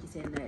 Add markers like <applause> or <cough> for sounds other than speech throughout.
木仙台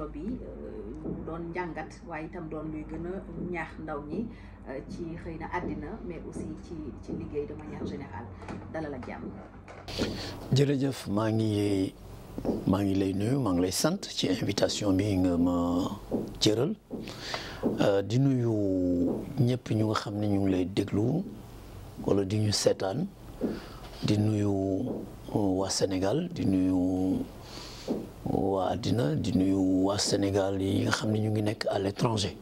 solo bi euh, doon ndaw ñi euh, jërëjëf maa ngi maa ngi lay nuyu maa ngi lay sant ci invitation bi nga ma jëral euh, di nuyu ñëpp ñu nga xam ne ñu ngi lay déglu wala di ñu seetaan di nuyu waa Sénégal di nuyu. wa dina di nuyu wa Sénégal yi nga xamni ñu ngi nekk à l'étranger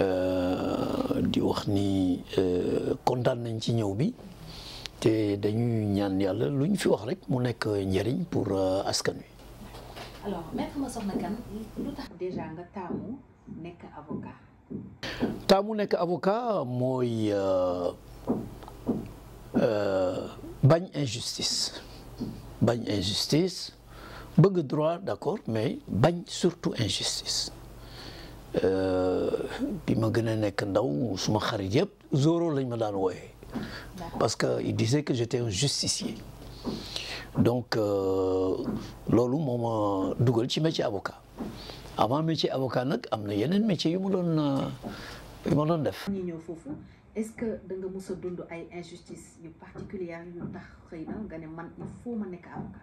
euh di wax ni euh, kontaan nañ ci ñew bi té dañuy ñaan yalla luñ fi wax rek mu nekk njëriñ pour euh, askan wi. alors maître Massokhna soxna kan lutax déjà nga tamu nekk avocat. tamu nekk avocat moy euh euh bagn injustice bagn injustice bëgg droit d'accord mais bañ surtout injustice euh, bi ma gën a nekk ndaw suma xarit yëpp Zoro lañ ma daan wooyee parce que il disait que j'étais un justicier donc euh, loolu moo ma dugal ci métier avocat avant métier avocat nag am na yeneen métier yu ma doon euh, yu ma doon def. ñu ñëw foofu est-ce que da nga mës a dund ay injustice yu particulière yu tax xëy na nga ne man il faut ma nekk avocat.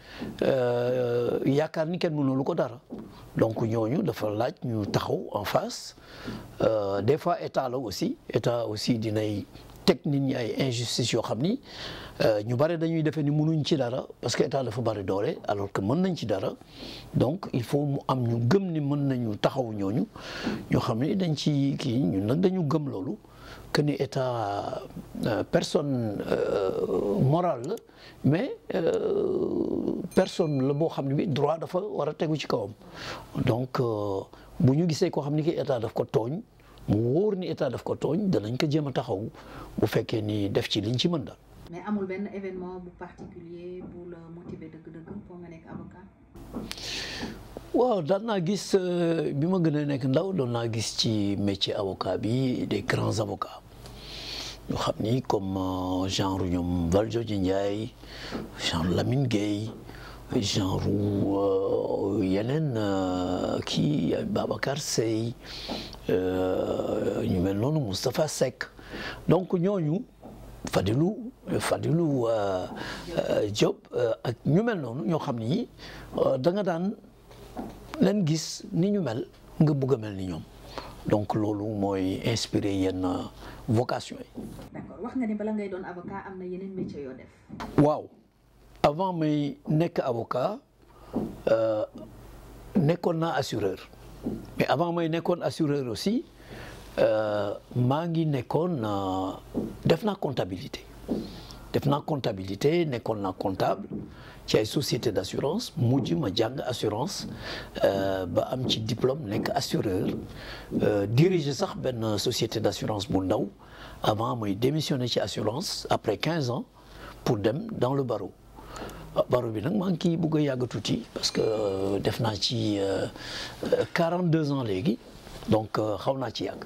Euh, yaakaar ni kenn mu mënul ko dara donc ñooñu dafa laaj ñu taxaw en face euh, des fois état la aussi état aussi dinay teg nit ñi ay injustice yoo xam ni euh, ñu bare dañuy defee ni mënuñ ci dara parce que état fa bari doole alors que mën nañ ci dara donc il faut mu am ñu gëm ni mën nañu taxaw ñooñu ñoo xam ni dañ ci kii ñun nag dañu gëm loolu que ni état euh, personne euh, morale mais euh, personne le bo xamni bi droit dafa wara teggu ci kawam donc bu ñu gisee koo xam ki état daf ko togn mu wóor ni état daf ko tooñ danañ ko jema taxaw bu fekke ni def ci liñ ci mën daal. mais amul ben événement bu particulier bu le motiver deug deug pour nga nekk avocat waaw daan naa gis euh, bima ma nek ndaw do na gis ci métier avocat bi des grands avocats ñu xamni comme Jean euh, Rougnom Valdiodio Ndiaye Jean Lamine Gueye genre euh, yeneen kii Babacar Sey, euh ñu mel non Moustapha Seck donc ñooñu Fadilou Fadilou Job, ak ñu mel noonu ñoo xam ni da nga daan lan gis ni ñu mel nga bëgg mel ni ñoom donc loolu mooy inspiré yenn vocation yi. d'accord wax nga ni bala ngay doon avocat am na yeneen métier yoo def. waaw avant may nekk avocat euh, nekkoon naa assureur mais avant may nekkoon assureur aussi euh, maa ngi nekkoon euh, def naa comptabilité def comptabilité nekkoon naa comptable a une société d'assurance Moudi ma jàng assurance euh, ba am ci diplôme d'assureur. assureur euh, dirige une société d'assurance bu avant de démissionner après 15 ans pour dem dans le barreau Je suis un peu ngi a parce que je euh, 42 ans Donc, donc je un ci yàgg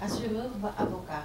assureur ou avocat.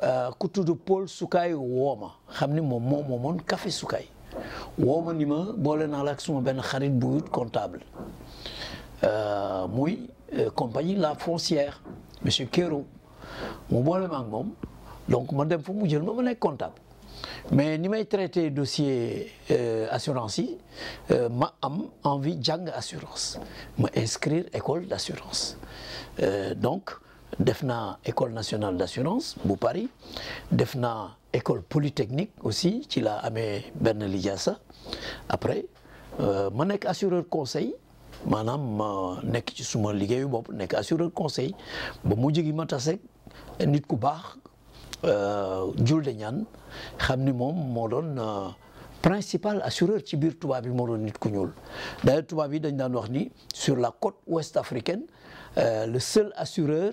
Euh, ku tudd Paul Sukaay woo ma mom ni Café Sukai. woo ni ma boole naa la suma ben xarit bu comptable euh, muy euh, compagnie La Foncière monsieur Kero mo boole ma donc ma dem fa mu jël ma ma comptable mais ni may traité dossier assurance yi ma am envie jang assurance ma inscrire école d'assurance donc Defna école nationale d'assurance bu Paris Defna école polytechnique aussi qui l'a amee benn lijaasa après euh, Manek assureur conseil maanaam Nek ci suma liggéeyu bopp nekk assureur conseil ba mu jigi ma taseeg nit ku baax euh, Jules ñaan xam euh, principal assureur ci biir tubaab bi moo doon nit ku ñuul d'ailleurs tubaab bi dañ dan wax ni sur la côte ouest africaine euh, le seul assureur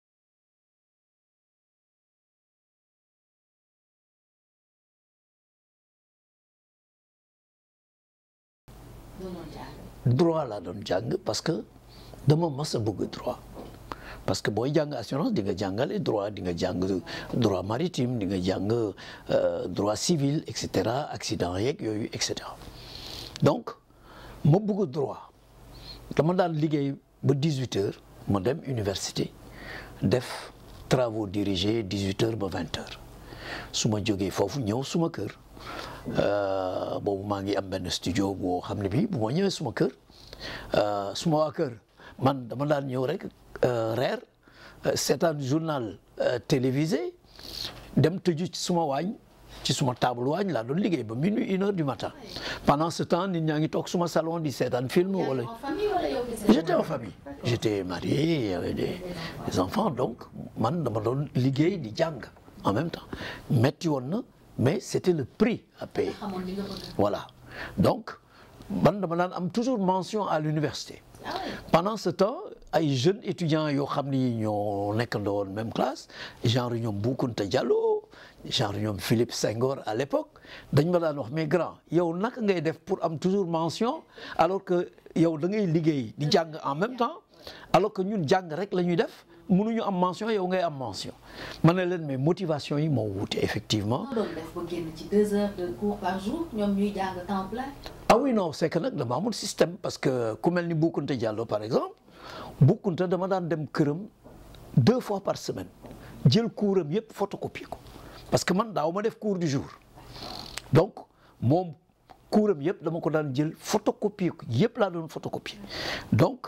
droit laa doon jàng parce que dama mas a bëgg droit parce que booy jàng assurance di nga jàngale droit di nga jàng droit maritime di nga jàng euh, droit civil et cetera accident yeeg yooyu et cetera donc ma bugg droit dama daan liggéey ba 18 heures ma dem université def travaux dirigés 18 heures ba 20 su ma jógee foofu ñëw suma kër. Ah, boobu maa ngi am ben studio bo xam bi bii bu ma ñëwee suma kër suma wa kër man dama daan ñëw rek euh ah, reer ah, seetaan journal télévisé dem tëju ci suma wañ ci suma table wañ la doon liggéey ba minuit une heure du matin pendant ce temps nit ñaa ngi toog suma salon di seetaan film wala j'étais en famille j'étais marié avec des enfants donc man dama doon liggéey di jàng en même temps metti woon na mais c'était le prix à payer. Voilà. Donc, nous am toujours mention à l'université. Ah Pendant ce temps, les jeunes étudiants yo xamni dans la même classe, genre ñom de Diallo, genre ñom Philippe Senghor à l'époque, ils ont été wax mais grand, yow nak ngay def pour am toujours mention alors que yow da ngay liggéey di jàng en même temps alors que ñun jàng rek la ñuy def ñu am mention yow ngay am mention ma ne leen mais motivation yi moo wuute effectivement. doon def ba génn ci deux heures de cours par jour ñoom ñuy jàng temps plein. ah oui non c'est que nag dama amoon système parce que ku mel ni Boukounta Diallo par exemple Boukounta dama daan dem këram deux fois par semaine jël couram yépp photocopier ko parce que man daawuma def cours du jour donc moom couram yépp dama ko daan jël photocopie ko yëpp laa doon photocopier donc.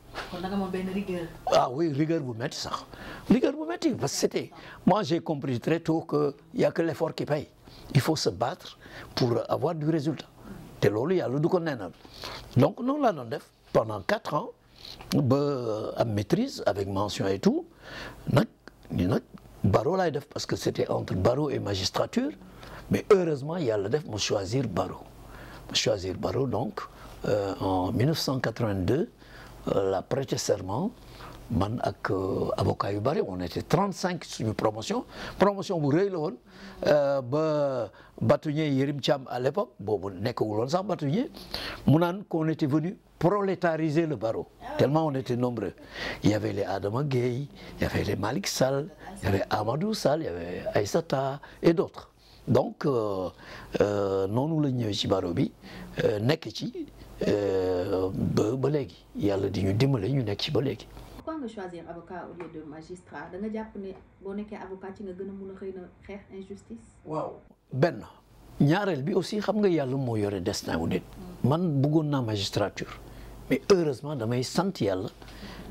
ah oui rigueur vous mettez ça, rigueur vous mettez, parce que c'était moi j'ai compris très tôt que n'y a que l'effort qui paye il faut se battre pour avoir du résultat donc nous, pendant quatre ans à maîtrise avec mention et tout barreau parce que c'était entre barreau et magistrature mais heureusement le def pour choisir barreau choisir barreau donc euh, en 1982 euh, la prêté serment man ak euh, avocat yu on était 35 une promotion promotion bu rëy la euh ba Yérim à l'époque bobu nekkagul won sax mu qu'on était venu prolétariser le barreau ah tellement on était nombreux il y avait les Adama Gueye il y avait les Malik Sall il y avait Amadou Sall il y avait Aissata et d'autres donc euh, nous la ñëw ci barreau bi nek ci Euh, ba ba léegi yàlla di ñu dimbale ñu nekk ci ba léegi. pourquoi nga choisir avocat au lieu de magistrat da jàpp ne boo nekkee avocat ci nga gën a mun a xëy na xeex injustice. waaw benn ñaareel bi aussi xam nga yàlla moo yore destin wu nit. man buggoon naa magistrature mais heureusement damay sant yàlla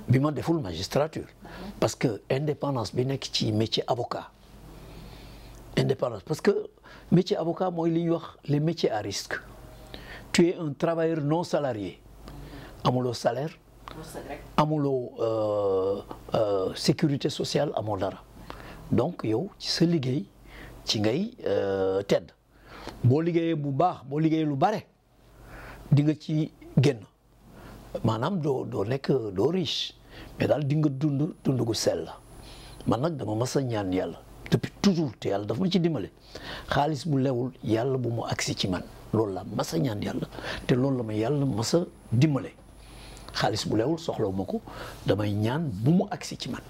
bi ma deful magistrature. parce que indépendance bi nekk ci métier avocat. indépendance parce que métier avocat mooy li ñuy wax les métiers à risque. tu es un travailleur non salarié amuloo salaire euh, euh, sécurité sociale amoo dara donc yo, ci sa liggéey ci ngay euh, tedd boo liggéeyee bu baax boo liggéeyee lu bare di nga ci génn Manam, do, do nek do riche mais dal di nga dund dund gu sell man nag dama mas ñaan yalla depuis toujours te yalla dafa ma ci dimbale Khalis bu lewul yalla bu mo aksi ci man loolu la masa ñaan yàlla te loolu la ma yàlla masa dimbale xaalis bu lewul soxlawu ko damay ñaan bu mu si ci man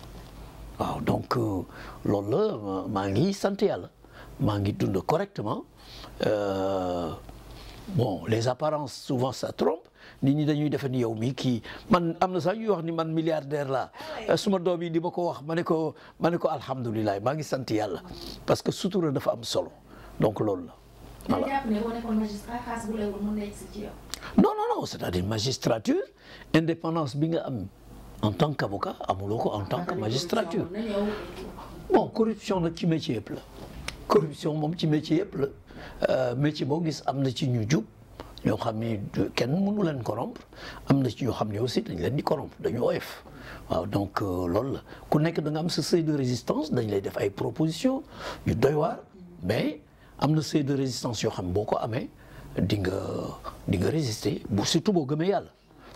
waaw donc euh, loolu la maa ngi sant yàlla maa ngi dund correctement euh, bon les apparences souvent sa trompe nit ñi dañuy defe ni yow mi kii man am na sax ñuy wax ni man milliardaire la ah suma doom yi di ma ko wax ma ne ko ma ne ko alhamdulilah maa ngi sant yàlla parce que sutura dafa am solo donc loolu non non non c'est-à-dire magistrature indépendance bi nga am en tant qu'avocat amuloo ko en tant que magistrature bon corruption nag ci métier yëpp corruption mon petit métier yëpp la euh, métier boo gis am na ci ñu jub ñoo xam ni mënu leen corrompre am na ci ñoo xam ne aussi dañ leen di corrompre dañu oyof waaw donc euh, loolu la ku nekk da nga am seuil de résistance dañ lay def ay propositions ñu doy waar mais am na seuil de résistance yoo xam ne boo ko amee di nga di nga résister bu surtout boo gëmee yàlla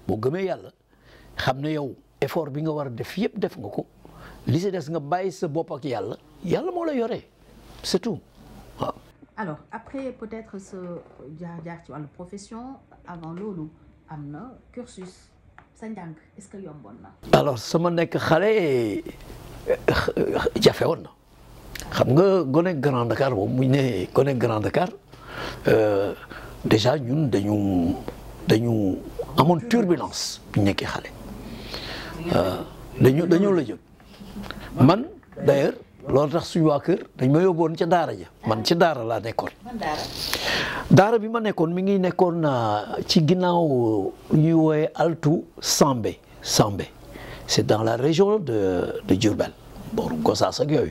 boo gëmee yàlla xam ne yow effort bi nga war a def yëpp def nga ko li si des nga bàyyi sa bopp ak yàlla yàlla moo la yore c'est tout waaw. alors après peut-être ce jaar-jaar ci wàllu profession avant loolu am na cursus sa njàng est-ce que yomboon na. alors sama nekk xale euh, euh, jafe woon na xam nga gone Grand Dakar boobu bu ne nee gone Grand Dakar euh, déjà ñun dañu dañu amoon turbulence bu ñu nekkee xale euh, dañu dañoo la jóg man d'ailleurs loolu tax suñu waa kër dañ ma yóbboon ca daara ja man ci daara laa nekkoon daara bi ma nekkoon mi ngi nekkoon euh, ci ginnaaw ñuy wooye Altu Sambé Sambé c'est dans la région de de Diourbel boru Gossas ak yooyu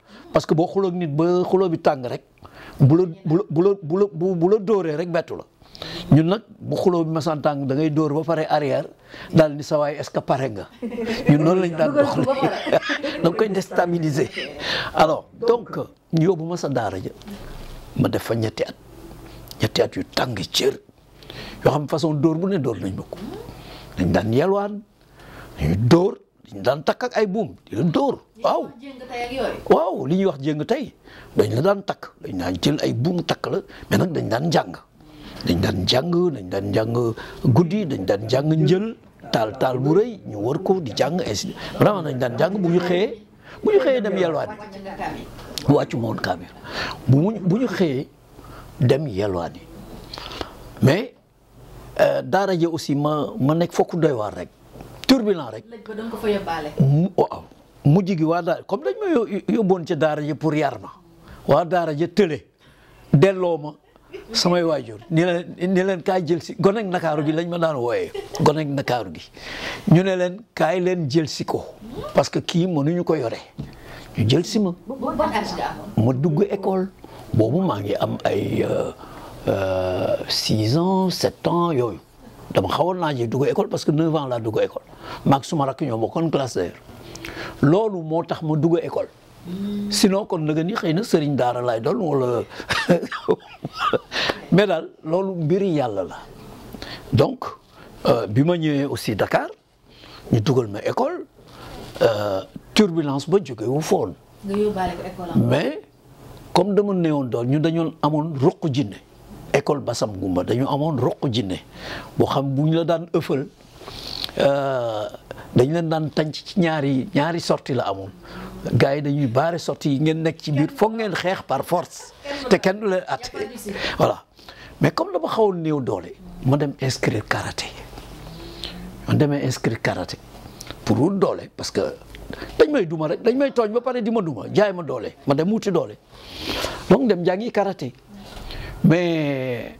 parce que boo xuloog nit ba xuloo bi tàng rek bu la bu la bu la bu rek bettu la ñun nag bu xuloo bi masaan tàng da ngay dóor ba pare arrière daal ni sawaay est-ce que pare nga ñu noonu lañ daan <laughs> dox <laughs> da koy déstabiliser alors donc yóbbu ma sa daara ma def fa ñetti at ñetti at yu tàng façon dóor bu ne dóor ko dañ daan yelwaan dañuy dóor daan takk ak ay buum di leen dóor waaw. waaw li ñuy wax jéng tey dañ la daan takk dañ daan ay buum takk la mais nag dañ daan jàng dañ jàng dañ daan jàng guddi dañ daan jàng njël taal taal bu rëy ñu war ko di jàng ainsi vraiment daan jàng bu ñu xëyee bu ñu xëyee dem yelwaani wàccu ma woon kaamil bu mu bu xëyee dem yelwaani mais euh, daara ji aussi ma ma nekk fokk doy rek. turbulent rek. waaw mujj gi waa daara comme dañ ma yóbboon pour yar ma waa daara ja tële delloo ma samay waajur ni leen leen kaay jël si gonek nakaaru gi lañ ma daan wooyee gonek nakaaru gi ñu ne leen kaay leen jël si ko parce que kii mënuñu ko yore ñu jël si ma mu dugg école boobu maa ngi am ay euh, euh, six ans sept ans yooyu dama xawoon nak lah, jadi dugg école parce que neuf lah laa dugg école mereka suma rakk ñoo bokkoon classe d' loolu moo tax ma dugg école. Hmm. sinon kon na nga ni xëy na sëriñ daara lay doon wala mais daal loolu mbiri yàlla la <laughs> lah. donc eh, bi ma ñëwee aussi Dakar ñu dugal ma école eh, turbulence ba jóge wu foon. nga yóbbaale ko école mais comme dama néewoon doon école Bassam Goumba dañu amoon roq jinne boo xam bu ñu la daan ëffal euh, dañ leen daan tànc ci ñaari ñaari sorti la amoon gars yi dañuy baare sorti yi ngeen nekk ci biir foog ngeen xeex par force te kenn du leen atte voilà mais comme dama xawoon néew doole ma dem inscrire karaté ma demee inscrire karaté pour wut doole parce que dañ may duma rek dañ may tooñ ba pare di ma duma jaay ma doole ma dem wuti doole donc dem jàngi karaté mais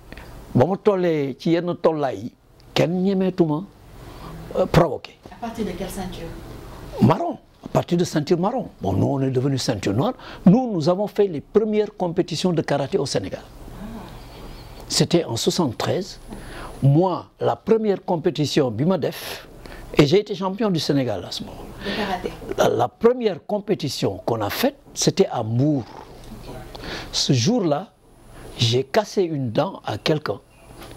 ci yenn provoqué. à partir de quelle ceinture? marron à partir de ceinture marron bon nous on est devenu ceinture noire nous nous avons fait les premières compétitions de karaté au Sénégal ah. c'était en 73 moi la première compétition Bimadef, et j'ai été champion du Sénégal à ce moment de karaté la, première compétition qu'on a faite c'était à Mbour ce jour-là j'ai cassé une dent à quelqu'un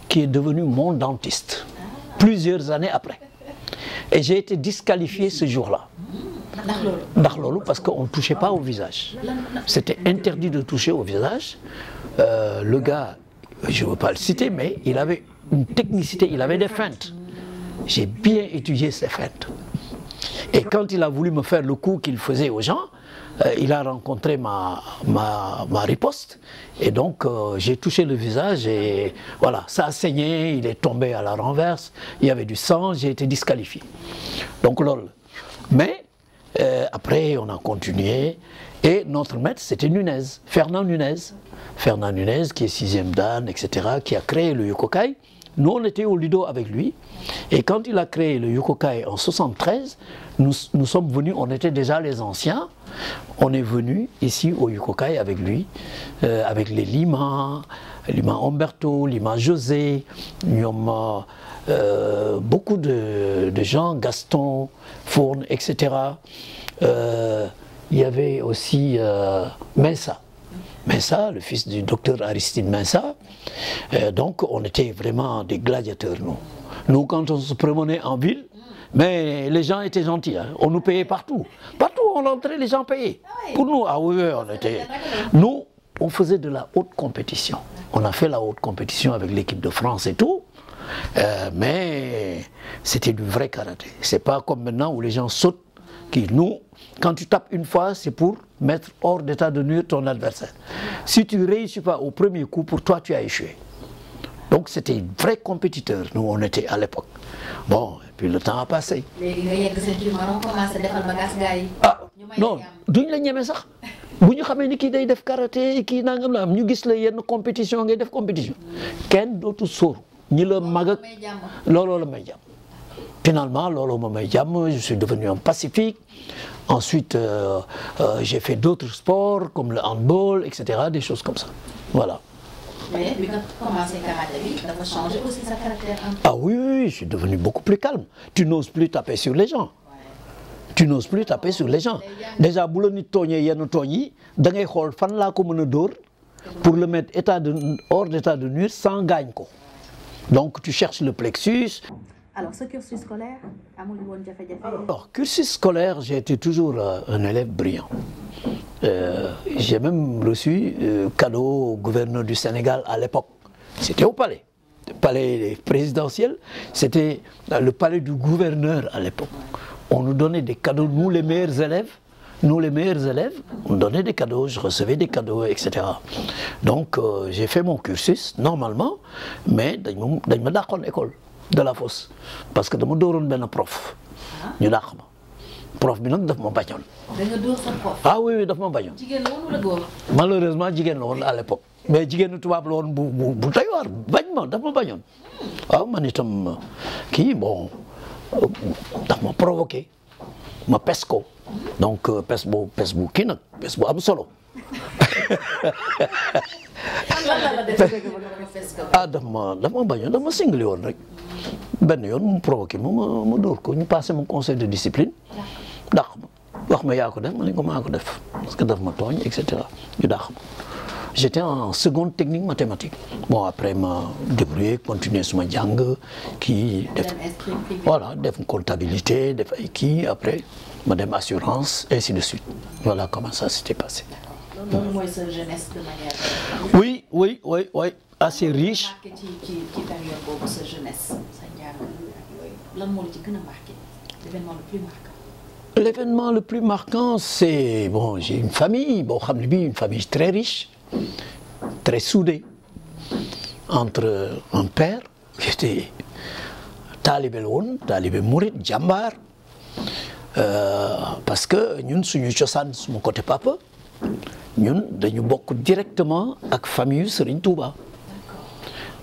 qui est devenu mon dentiste plusieurs années après. Et j'ai été disqualifié ce jour-là. parce qu'on ne touchait pas au visage. C'était interdit de toucher au visage. Euh, le gars, je ne veux pas le citer, mais il avait une technicité, il avait des feintes. J'ai bien étudié ses feintes. Et quand il a voulu me faire le coup qu'il faisait aux gens, euh, il a rencontré ma, riposte et donc euh, j'ai touché le visage et voilà, ça a saigné, il est tombé à la renverse, il y avait du sang, j'ai été disqualifié. Donc lol. Mais euh, après on a continué et notre maître c'était Nunez, Fernand Nunez. Fernand Nunez qui est sixième dan, etc., qui a créé le Yokokai. Nous, on était au Lido avec lui. Et quand il a créé le Yukokai en 73, nous, nous sommes venus, on était déjà les anciens. On est venu ici au Yukokai avec lui, euh, avec les Lima, Lima Umberto, Lima José, euh, beaucoup de, gens, Gaston, Fourne, etc. Euh, il y avait aussi Mesa. Mensa, le fils du docteur Aristide Mensa. Euh, donc on était vraiment des gladiateurs, nous. Nous, quand on se promenait en ville, mais les gens étaient gentils, hein. on nous payait partout. Partout on entrait, les gens payaient. Ah Pour nous, ah on était... Ah, nous, on faisait de la haute compétition. On a fait la haute compétition avec l'équipe de France et tout. Euh, mais c'était du vrai karaté. C'est pas comme maintenant où les gens sautent, qui nous, quand tu tapes une fois, c'est pour mettre hors d'état de nuire ton adversaire. Si tu ne réussis pas au premier coup, pour toi, tu as échoué. Donc c'était un vrai compétiteur, nous on était à l'époque. Bon, et puis le temps a passé. ah non duñ la ñeme sax bu ñu xamee ni kii day def karaté kii nangam la am ñu gis la yenn compétition ngay def compétition Ken dootu sóor ñi la mag ak looloo la may Finalement, Lolo je suis devenu un pacifique. Ensuite, euh, euh, j'ai fait d'autres sports comme le handball, etc., des choses comme ça. Voilà. Mais, quand tu commences ça tu changé aussi sa caractère hein. Ah oui, oui, je suis devenu beaucoup plus calme. Tu n'oses plus taper sur les gens. tu n'oses plus taper sur les gens déjà si yenn da ngay fan pour le mettre hors d'état de nuire sans gagne donc tu cherches le plexus alors, ce cursus scolaire, Alors, cursus scolaire, j'ai été toujours euh, un élève brillant. Euh, j'ai même reçu un euh, cadeau au gouverneur du Sénégal à l'époque. C'était au palais, le palais présidentiel, c'était le palais du gouverneur à l'époque. On nous donnait des cadeaux, nous les meilleurs élèves, nous les meilleurs élèves, on donnait des cadeaux, je recevais des cadeaux, etc. Donc j'ai fait mon cursus normalement, mais dans autre école. de la fosse parce que dama dooroon benn prof. ñu dàq prof bi nag daf ma bañoon. da nga door sa ah ma bañoon. jigéen la malheureusement jigéen la woon à l'époque mais jigéenu tubaab la woon bu bu bu doy waar bañ ma daf ma bañoon. waaw ah, man kii bon daf ma provoqué ma pes donc euh, pes bu pes bu kii nag pes bu am solo. <laughs> ah daf ma daf ma bañoon daf ma singli woon rek. benn yoon mu provoqué ma ma dóor ko ñu passé mon conseil de discipline. dàq ma wax ma yaa ko def ma ne ko maa def parce que daf ma tooñ et cetera j'étais en seconde technique mathématique. Bon, après, ma débrouillé, continuer sur ma jungle, qui... Def, voilà, def comptabilité, def qui, après, de assurance, et ainsi de suite. Voilà comment ça s'était passé. Donc, moi, jeunesse de manière... Oui, oui, oui, oui riche. L'événement le plus marquant, c'est, bon, j'ai une famille, bon, une famille très riche, très soudée, entre un père, qui était talibé l'on, talibé mourit, Djambar, euh, parce que nous, sommes sur mon côté papa, nous dañu bokk directement la famille Serigne Touba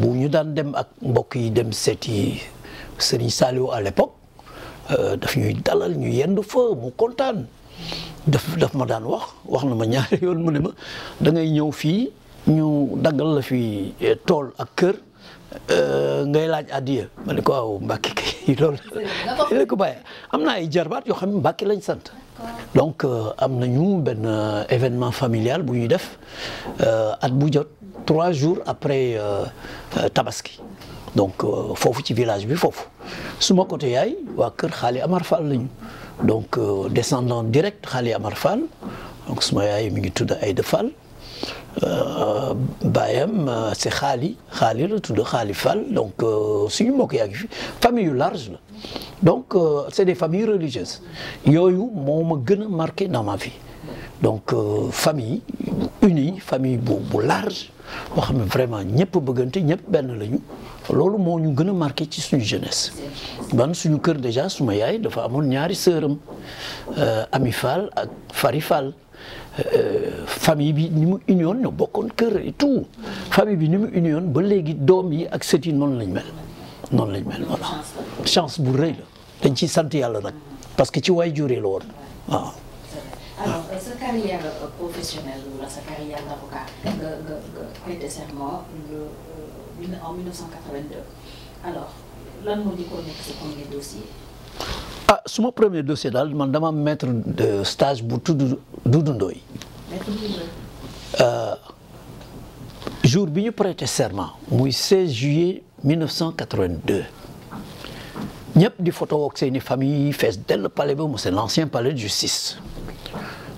bu ñu daan dem ak mbokk yi dem seeti Serigne Saliou à l'époque euh, daf ñuy dalal ñu yendu fa mu kontaan daf daf ma daan wax wax na ma ñaari <laughs> yoon mu ne ma da ngay ñëw fii ñu daggal la fi eh, tool ak kër euh, ngay laaj addiya ma ne ko aw Mbàkke kay <laughs> loolu <laughs> la ko bàyyi am na ay jarbaat yoo xam ne Mbàkke lañ sant donc euh, am nañu benn événement familial bu ñu def at bu jot trois jours après euh, euh, tabaski donc euh, foofu ci village Fofu. Sur mon côté yaay waa kër xaali Amar Fall donc descendant direct de Amar Fall donc suma yaay mi ngi tout Fall Bayem c'est Khali. Khali, la tudd fal donc c'est une famille large donc c'est des familles religieuses y a eu marqué dans ma vie donc famille unie famille large boo xam ne vraiment ñëpp bëggante ñëpp benn lañu loolu moo ñu gën a marqué ci suñu jeunesse. man suñu kër déjà suma yaay dafa amoon ñaari sëram euh, Ami Fall ak Fari Fall euh, famille bi ni mu union ñoo bokkoon kër et tout famille bi ni mu union ba léegi doom yi ak sët yi lañ mel noonu lañ mel voilà chance bu rëy la dañ ciy sant yàlla nag parce que ci waay juree la woon alors euh, sa carrière euh, professionnelle ou sa carrière d'avocat euh, prête serment en 1982 alors là nous di ko premier dossier. ah mon premier dossier je demande dama maître de stage pour tout. Doudou Ndoye. jour bi ñu prêté serment le 16 juillet 1982 ñëpp di photo ak une famille qui le palais le c'est l'ancien palais de justice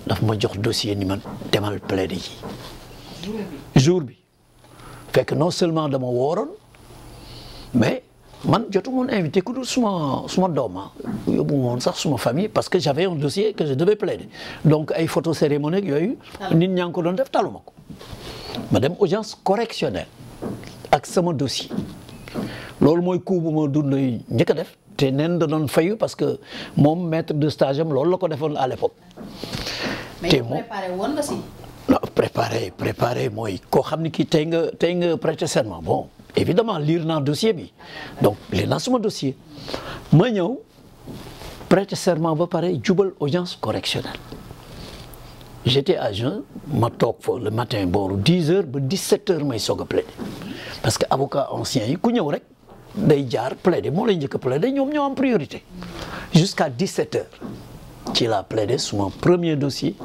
daf ma jox dossier ni man demal plaide yi jour bi fekk non seulement dama wooroon mais man jotu moon invité ku dul suma suma dooma ah. yóbbu moon sax suma famille parce que j'avais un dossier que je devais plaider donc ay photo cérémonie ak yooyu nit ñaa ngi ko doon def taluma ko ma dem audience correctionnelle ak sama dossier loolu mooy coup bu ma dund njëkk a def te neen da doon fayu parce que mon maître de stage am loolu la ko à l'époque te moom préparé won nga si non préparé préparé Je ne xamni pas tay nga tay nga prêter serment bon évidemment lire le dossier bi donc lire lancement le dossier ma ñëw prêter serment ba paré jubal audience correctionnelle j'étais à jeun ma toog fa le matin bon, 10 h 17 h may soog a parce que avocat ancien il ku ñëw rek day jaar plaider mo lay njëkk a plaider ñoom ñoo am priorité jusqu'à 17 h ci la plaider suma premier dossier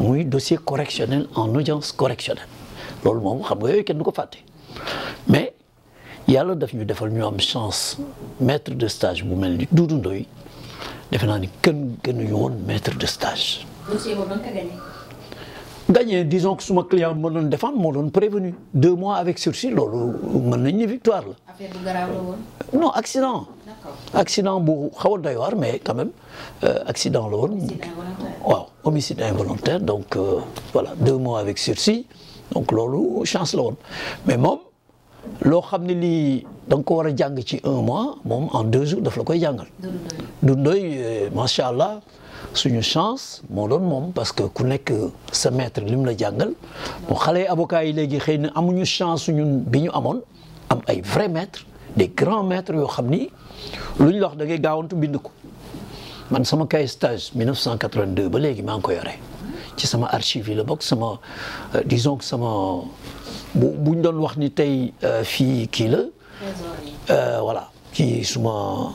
muy dossier correctionnel en audience correctionnelle loolu moom xam nga yoy kenn du ko fàtte mais yalla daf ñu defal ñu am chance maître de stage bu melni Doudou Ndoye defe naa ni kenn gënuñu woon maître de stage. dossier boobu nga ko gagné gagné disons que suma client ma doon défendre moo doon prévenu deux mois avec sursis loolu mën nañ ni victoire Là. affaire bu garaaw non accident. accident bu xaw a mais quand même euh, accident la woon. waaw homicide involontaire donc euh, voilà deux mois avec sursis donc loolu chance la mais moom lo xamni li dang ko wara jang ci 1 mois mom en 2 jours daf la koy jàngal. dundoy euh, macha allah suñu chance mo doon mom parce que ku nek sa maître lim la jàngal bon xale avocat yi légui xeyna amuñu chance ñun biñu amone am ay vrai maître des grands maîtres yo xamni luñ la wax da ngay gaawantu bind ko man sama kay stage 1982 ba légui maa ngi ko yoré ci sama archive yi la bokk sama euh, disons que sama bu buñ doon wax ni tey euh, fii kii la euh, voilà qui souvent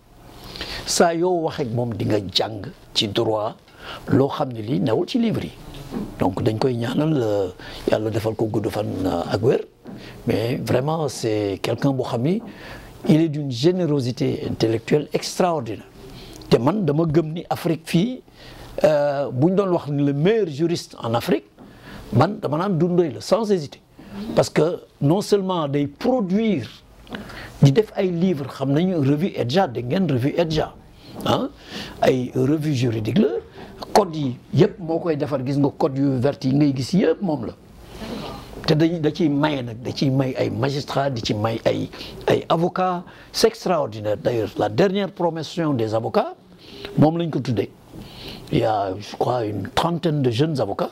saa yoo wax ak moom di nga jang ci droit lo xamni li lii newul ci livre yi donc dañ koy ñaanal euh, yalla defal ko gudd fan euh, ak wér mais vraiment c'est quelqu'un qui il est d'une générosité intellectuelle extraordinaire Et man dama gëm ni Afrique fi euh buñ doon wax ni le meilleur juriste en Afrique man dama naan la sans hésiter parce que non seulement de produire di def ay livre xam nañu revue EDGA dégg ngeen revue EDGA ah ay revue juridique la code yi yëpp moo koy defar gis nga code yu vert yi ngay gis yëpp moom la te dañuy da ciy maye nag da ciy may ay magistrats di ci may ay ay avocat c'est extraordinaire d'ailleurs la dernière promotion des avocats moom lañ ko tuddee il y a je crois une trentaine de jeunes avocats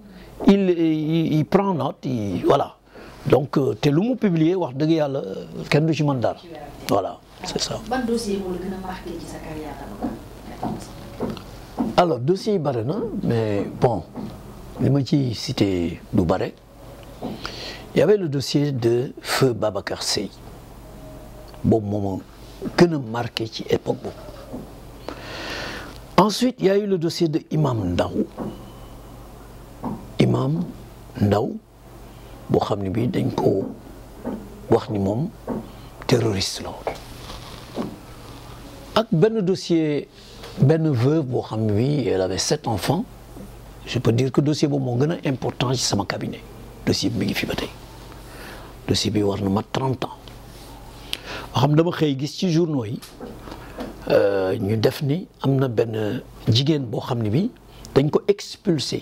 il, il, prend note, il, voilà. donc c'est euh, lu mu publier wax dëgg y a du ci mën voilà c'est ça. Quel dossier moo la marqué dans sa carrière alors dossier est barré, mais bon vais ma ci cité du Il y avait le dossier de feu Babacar Sey. Bon moment, que gën marqué ci époque Ensuite, il y a eu le dossier de Imam Ndaw Imam, ndaw bo xamni bi dañ ko wax ni mom terroriste la ak ben dossier ben veuve bo xamni bi elle avait sept enfants je peux dire que dossier bo mo gëna important ci sama cabinet dossier bi ngi fi batay dossier bi war na mat trente ans xam dama xey gis ci journaux yi euh, ñu def ni amna ben jigen bo xamni bi dañ ko expulser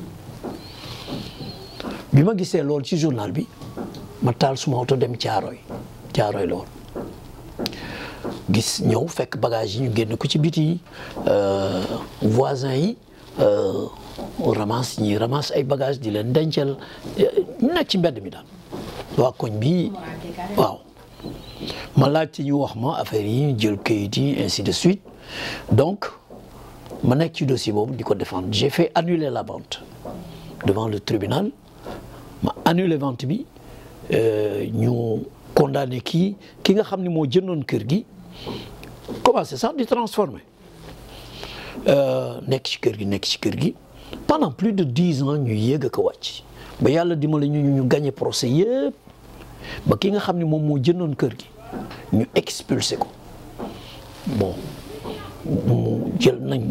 ci journal bi ma tal suma auto dem gis bagage ko ci biti euh, voisin yi euh, ramasse ñi ramasse ay bagage di len dencel euh, ci mbedd mi bi waaw ma ñu wax ma affaire ainsi de suite donc ma ci dossier boobu di défendre j'ai fait annuler la vente devant le tribunal ma annulé vente bi euh, ñu condamné kii ki nga xamni kër gi commencé transformer euh, nek ci kër gi pendant plus de 10 ans ñu yéeg ko wacc ba yalla dimbali ñu ñu gagné procès yépp ba ki nga ne ko bon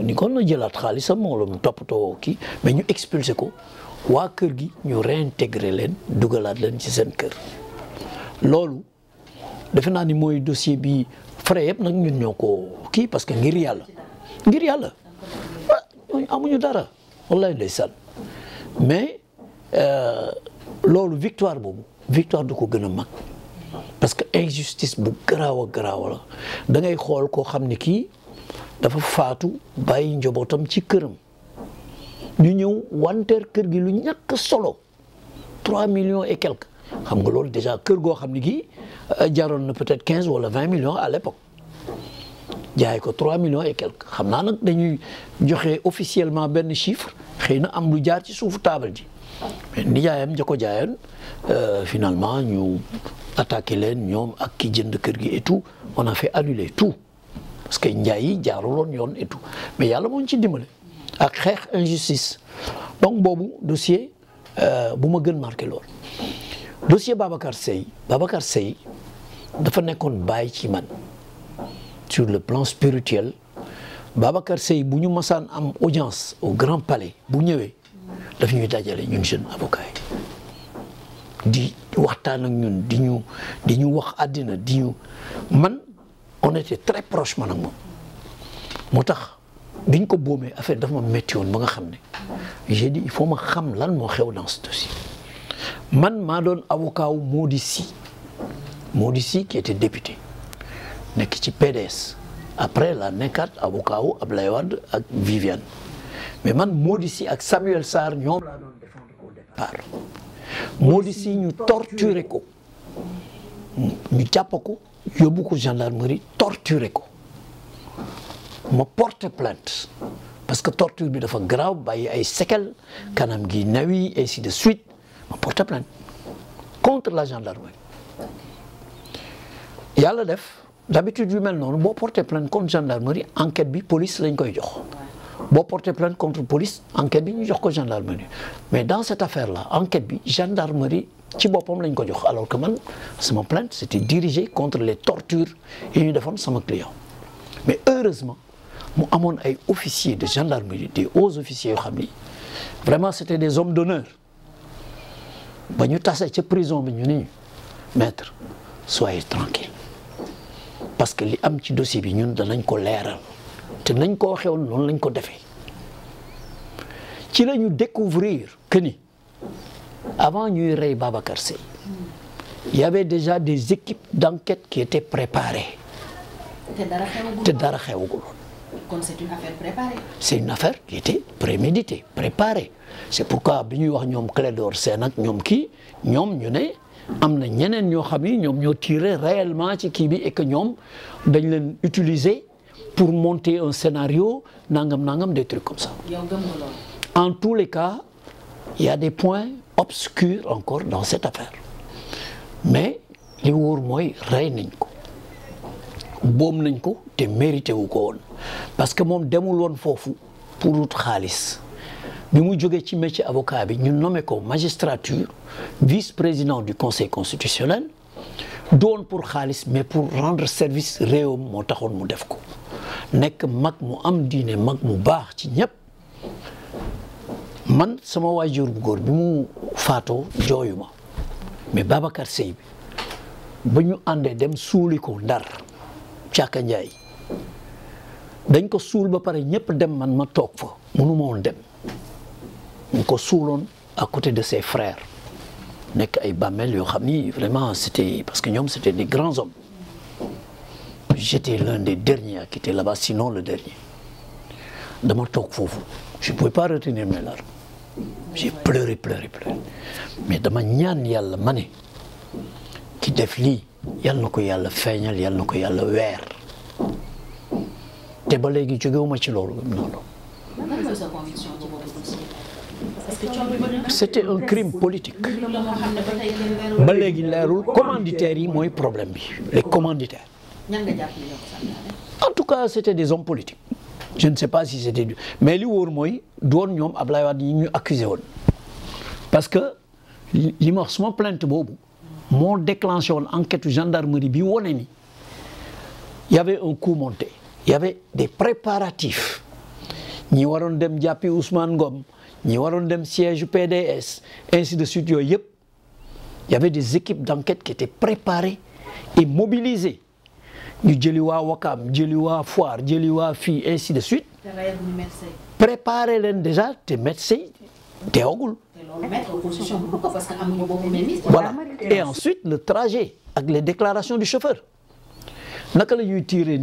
ni na mais ñu expulsé waa kër gi ñu réintégré leen dugalaat leen ci seen kër loolu defe naa ni mooy dossier bi frais yëpp nag ñu ñoo ko kii parce que ngir yàlla ngir yàlla ah, amuñu dara wallaay ndeysaan mais euh, loolu victoire boobu victoire du ko gën a mag parce que injustice bu garaaw a garaaw la da ngay xool koo xam ne kii dafa faatu bàyyi njobootam ci këram ñu ñëw wanteer kër gi lu ñàkk solo trois millions et quelque xam nga loolu déjà kër goo xam ne gi euh, jaroon na peut-être quinze wala vingt millions à l'époque jaay ko trois millions et quelques xam naa nag dañuy joxe officiellement benn chiffre xëy na am lu jaar ci suufu taabal ji mais nijaayam ja ko jaayoon euh, finalement ñu attaqué leen ñoom ak ki jënd kër gi et tout on a fait annuler tout parce que njaay yi loon yoon et mais yàlla moo ci dimbale. à créer injustice donc Bobu dossier euh, bu ma gën marqué lool. dossier Babacar Sey, Babacar Sey, dafa nekkoon bàyyi ci man sur le plan spirituel Babacar Sey, bu ñu am audience au Grand Palais bu ñëwee daf ñuy dajale ñun jeune avocat yi di waxtaan ak ñun di ñu di ñu wax àddina di ñu man on était très proche man ak moom moo tax biñ ko boomee affaire dafa ma métti woon ba nga xamné j'ai dit il faut ma xam lan mo xew dans ce dossier man m'a don avocat modisi modisi qui était député nekk ci PDS après la nékat avocat Ablaye Wade ak Viviane mais man modisi ak Samuel Sar ñom la don défendre au départ modisi ñu torturer ko ñu jàpp ko gendarmerie torturer ko ma porte plainte parce que torture bi dafa y baye ay séquelles kanam gi nawi ainsi de suite ma porte plainte contre la gendarmerie yalla def d'habitude yu mel non bo porté plainte contre gendarmerie enquête bi police lañ koy jox plainte contre police enquête bi ñu jox ko gendarmerie mais dans cette affaire là enquête bi gendarmerie ci bopom lañ ko jox alors que man plainte c'était dirigée contre les tortures et ñu defoon sama client mais heureusement mu a des officiers de gendarmerie des hauts officiers vraiment c'était des hommes d'honneur Nous sommes tase prison bi ñu maître soyez tranquille parce que les am ci dossier bi ñun Nous ko leeral te nañ ko waxee woon noonu lañ ko ci découvrir que avant ñuy faire Babacar Karsé. il y avait déjà des équipes d'enquête qui étaient préparées dara c'est une affaire préparée. c'est une affaire qui était préméditée préparée c'est pourquoi nous avons wax ñoom Clédor c'est ak ñoom kii ñoom ñu ñeneen ño réellement ci qui bi et que ñom dañ leen utiliser pour monter un scénario nangam nangam des trucs comme ça. en tous les cas il y a des points obscurs encore dans cette affaire mais li wóor moy ray nañ ko boom nañ ko té mérité wu ko parce que mon demul won fofu pour wut khalis bi mu jógee ci métier avocat bi ñu nommé ko magistrature vice-président du conseil constitutionnel doon pour khalis mais pour rendre service réewam mo taxone mu def ko nek mak mu am diiné mak mu bax ci ñep man sama waajur bu gor bi mu faato joyuma mais Babacar Seye bi ñu dem souli ko Ndar Càkka dañ ko suul ba pare ñëpp dem man ma toog fa munu ma woon dem ko suuloon à côté de ses frères nekk ay bàmmeel yoo xam ni vraiment c'était parce que ñoom c'était des grands hommes j'étais l'un des derniers à quitter là-bas sinon le dernier dama toog foofu je pouvais pas retenir mes larmes j'ai pleuré pleuré pleuré mais dama ñaan yàlla ma ne ki def lii yàlla na ko yàlla feeñal yàlla na ko yàlla weer c'était un crime politique problème les commanditaires en tout cas c'était des hommes politiques je ne sais pas si c'était du mais lui gens mooy du accusé parce que li plainte mon Mon déclenché une enquête gendarmerie il y avait un coup monté il y avait des préparatifs ñi waron dem Japi Ousmane Gom ñi waron dem siège PDS ainsi de suite il y avait des équipes d'enquête qui étaient préparées et mobilisées ni jëli wakam Wakaam jëli waa Foire jëli Fi, ainsi de suite préparer l'un déjà te médecin teewagul voilà et ensuite le trajet avec les déclarations du chauffeur naka la tirer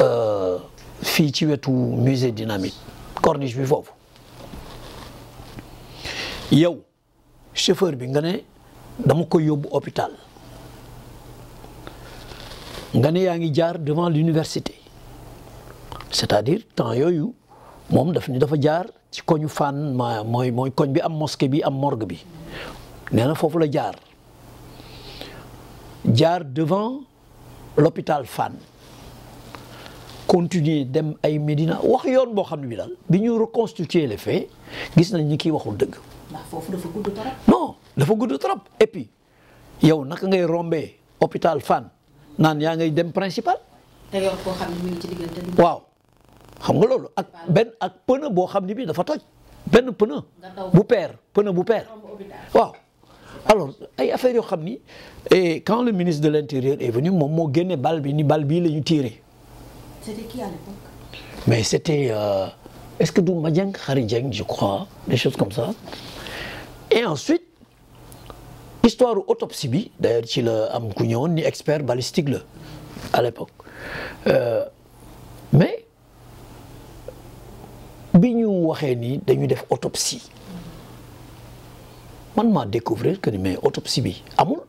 euh, fii ci wetu musée dynamite corniche bi foofu yow chauffeur bi nga ne dama koy yóbbu hôpital nga ne yaa ngi jaar devant l'université c'est-à-dire temps yooyu moom daf ni dafa jaar ci koñu Fann ma mooy mooy koñ bi am mosquée bi am morgue bi nee na foofu la jaar jaar devant l'hôpital fan continuer dem ay medina wax yoon bo xamni ne bi daal bi ñu reconstituer les faits gis nañ ni ki waxul deug ndax dafa gudd trop. non dafa goudou trop et puis yow nak ngay rombee hôpital fan nan ya ngay dem principal. da nga ko xamni ne mu ngi ci diggante. waaw xam nga lolu ak ben ak pneu bo xamni bi dafa toj. ben pneu bu père pneu bu père waaw alors ay affaire yo xamni et quand le ministre de l'intérieur est venu moom moo génne bal bi ni bal bi lañu tirer c'était qui à l'époque Mais c'était. Euh, est-ce que Doumbadjang Kharidjang, je crois, des choses comme ça. Et ensuite, histoire autopsie bi d'ailleurs il le am ni expert balistique à l'époque euh, mais bi ñu waxee ni dañu def autopsie man m'a découvert que l'autopsie, mais autopsie bi amul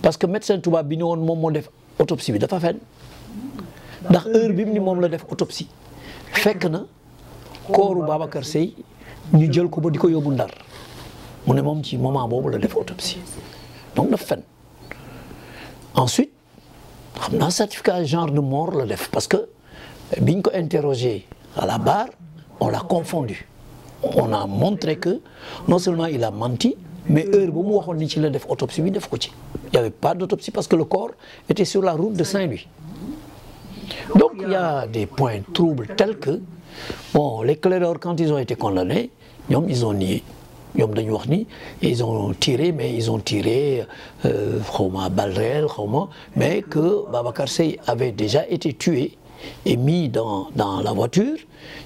parce que médecin touba bi ni woon moment de def autopsie bi dafa ndax heure bi mu ni moom la def autopsie fekk na kooru Babacar Sey ñu jël ko ba di ko yóbbu ndar mu ne moom ci moment boobu la def autopsie donc daf fen ensuite a naa certificat genre de mort parce que biñ ko interrogé à la barre on l'a confondu on a montré que non seulement il a menti mais heure bu mu waxoon ni il n'y avait pas d'autopsie parce que le corps était sur la route de Saint-Louis donc il y a des points troubles tels que, bon, les claireurs, quand ils ont été condamnés, ils ont nié. ils ont tiré mais ils ont tiré euh, mais que Babacar avait déjà été tué et mis dans la voiture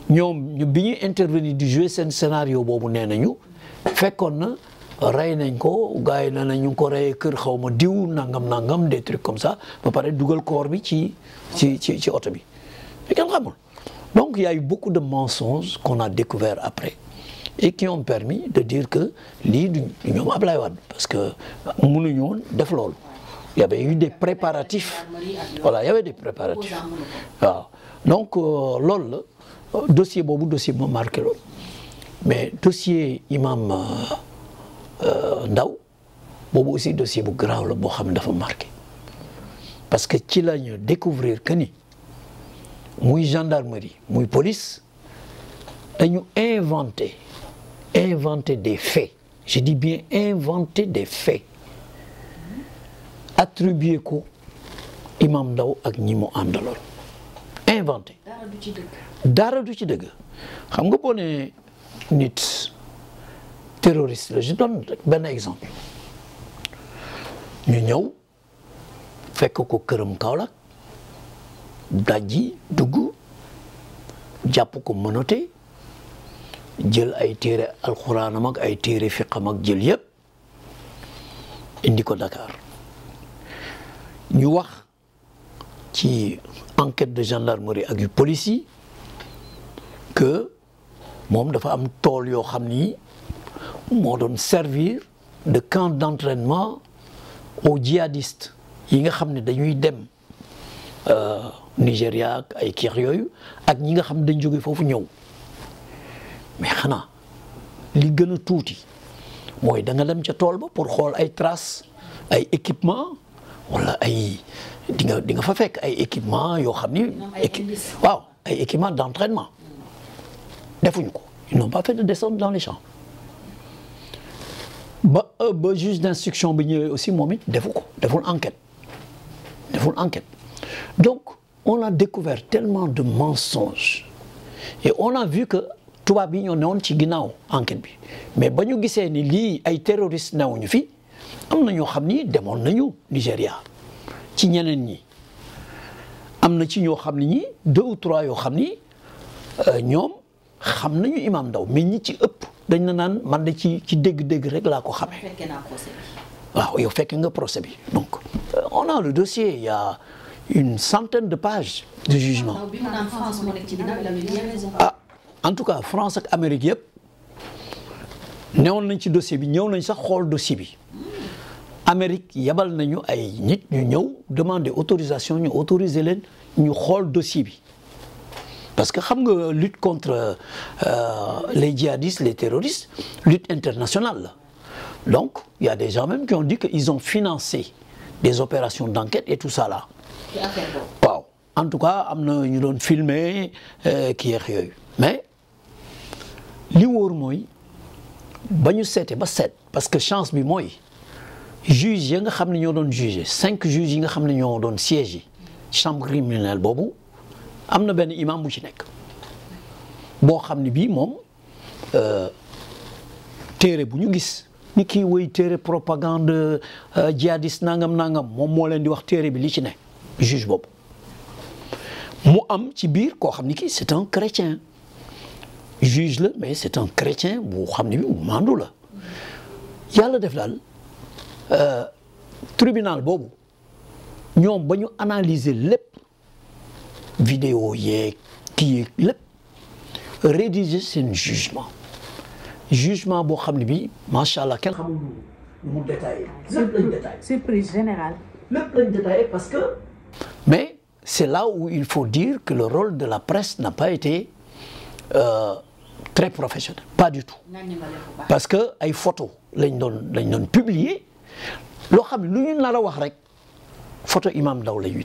Ils ont intervenu intervenir du jouer ce scénario ils ont fait rey nañ ko gars yi na ñu ko reyee keur xawma ma nangam nangam des trucs comme ça ba pare duggal corps bi ci ci ci ci bi mais kan xamul donc il y a eu beaucoup de mensonges qu'on a découvert après et qui ont permis de dire que li du ñoom Ablaye parce que mënuñu woon def lool il y avait eu des préparatifs voilà il y avait des préparatifs waaw donc euh, lool la dossier bobu dossier mo marqué loolu mais dossier imam euh, euh, ndaw boobu aussi dossier bu graw la boo xam dafa marqué parce que ci lañu ont découvrir que ni muy gendarmerie muy police dañu inventé inventé des faits je dis bien inventé des faits attribué ko imam Ndaw ak ñi mu àndaloon inventé dara du ci dëgg xam nga boo ne nit terroriste la je donne benn exemple ñu ñëw fekk ko këram Kaolack dajji dugg jàpp ko menotté jël ay téere alxuraanam ak ay téere fiqam ak jël yëpp indi ko Dakar ñu wax ci enquête de gendarmerie ak yu police que mom dafa am tool yoo xam moo doon servir de camp d'entraînement aux djihadistes yi nga xam ne dañuy dem euh, Nigéria ak ay kiir yooyu ak ñi nga xam ne dañ jóge foofu ñëw mais xanaa li gën a tuuti mooy da nga dem ca tool ba pour xool ay traces ay équipement wala ay di nga di nga fa fekk ay équipement yoo xam ni waaw ay équipement d'entraînement defuñu ko ils n'ont pas fait de dans les champs ba euh, ba juge d'instruction bi ñëwee aussi moom it defu ko deful enquête deful enquête donc on a découvert tellement de mensonges et on a vu que tubaab yi ñoo newoon ci ginnaaw enquête bi mais ba ñu gisee ni lii ay terroristes newuñu fi am na ñoo xam ni demoon nañu Nigéria ci ñeneen ñi am na ci ñoo xam ne ñi deux ou trois yoo xam ni euh, ñoom Imam Ndao mais ñi ci ëpp dañ na naan man de ci ci dégg-dégg rek laa ko xamee. waaw yow fekkee nga procès bi donc euh, on a le dossier il y a une centaine de pages de jugement. ah en tout cas France ak Amérique yëpp newoon nañ ci dossier bi ñëw nañ sax xool dossier bi. Amérique yebal nañu ay nit ñu ñëw demander autorisation ñu autoriser leen ñu xool dossier bi. Parce que la lutte contre euh, les djihadistes, les terroristes, lutte internationale. Donc, il y a des gens même qui ont dit qu'ils ont financé des opérations d'enquête et tout ça là. en tout cas nous ont filmé qui est qui mais li wóor c'est que nous ba parce que chance bi juges, juge ya nga cinq juges nous avons chambre criminelle bobo amna ben imam bu ci nek bo xamni bi mom euh téré buñu gis ni ki woy téré propagande euh, djihadiste nangam nangam mom mo len di wax téré bi li ci ne juge bob. mu am ci biir ko xamni ki c'est un chrétien juge le mais c'est un chrétien bu xamni bi bu mandu la yalla def euh tribunal bobu ñom bañu analyser lepp vidéo yeeg qui est lépp rédiger seen jugement jugement bo xamni ne bi macha allah xamou xamul mu détaillé lépp lañ détaillé surprise générale le lañ détaillé parce que mais c'est là où il faut dire que le rôle de la presse n'a pas été euh, très professionnel pas du tout parce que ay photo lañ don lañ don publier lo xamni lu ñu la wax rek photo imam Ndao la ñuy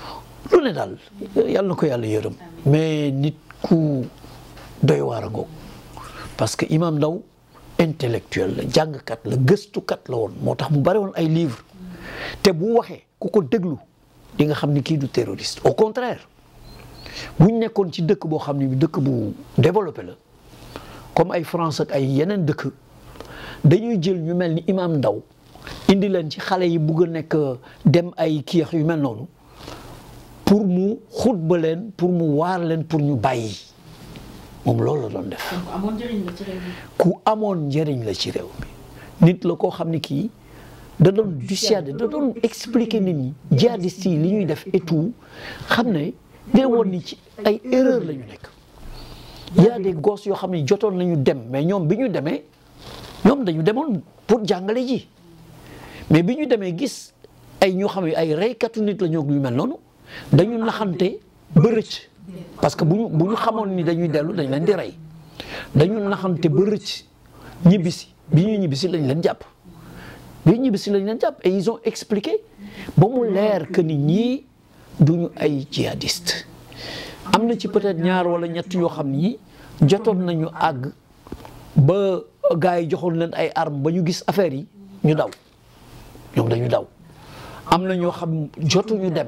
lu ne daal yàlla na ko yàlla yërëm mais nit ku doy waar a ngoog parce que imam Ndaw intellectuel la jàngkat la gëstukat la woon moo tax mu bari woon ay livre te bu waxee ku ko déglu di nga xam ni kii du terroriste au contraire buñ nekkoon ci dëkk boo xam ne bi dëkk bu développé la comme ay France ay yeneen dëkk dañuy jël ñu mel ni imam Ndaw indi leen ci xale yi bugg a nekk dem ay kii yu mel noonu pour mu xutba leen pour mu waar leen pour ñu bàyyi moom loolu la doon def. ku amoon njëriñ la ci réew mi. ku amoon njëriñ la ci réew nit la koo xam ne kii da doon dissuader da doon expliquer nit ñi jihadiste yi li ñuy def et tout xam ne day woon ni ci ay erreur la ñu nekk. y a des yoo xam ne jotoon nañu dem mais ñoom bi ñu demee ñoom dañu demoon pour jàngale ji mais bi ñu demee gis ay ñoo xam ne ay reykatu nit la ñoo ñu mel noonu. dañu naxante ba rëcc parce que bu ñu xamoon ni dañuy dellu dañ leen di rey dañu naxante ba rëcc ñibbisi bi ñuy ñibbisi lañ leen jàpp bi ñuy ñibbisi lañ leen jàpp et ils ont expliqué ba mu leer que ni ñii duñu ay jihadiste am na ci peut-être ñaar wala ñett yoo xam ni jotoon nañu àgg ba gars yi joxoon leen ay arm ba ñu gis affaire yi ñu daw ñoom dañu daw am na ñoo xam jotuñu dem.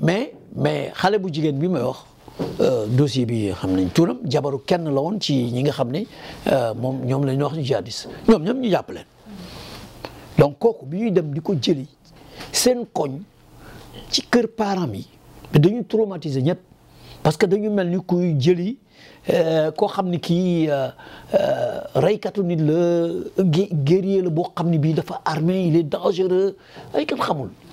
mais mais xale bu jigéen bi may wax euh, dossier bi xam nañ turam jabaru kenn la woon ci ñi nga xam ne euh, moom ñoom la ñuy wax jihadis ñoom ñoom ñu jàpp leen donc kooku bi ñuy dem di ko jëli seen koñ ci kër parents yi dañu traumatiser ñëpp parce que dañu mel ni kuy jëli euh, koo xam ni kii reykatu nit la guerrier la boo xam ni bii dafa armé il est dangereux ay kenn xamul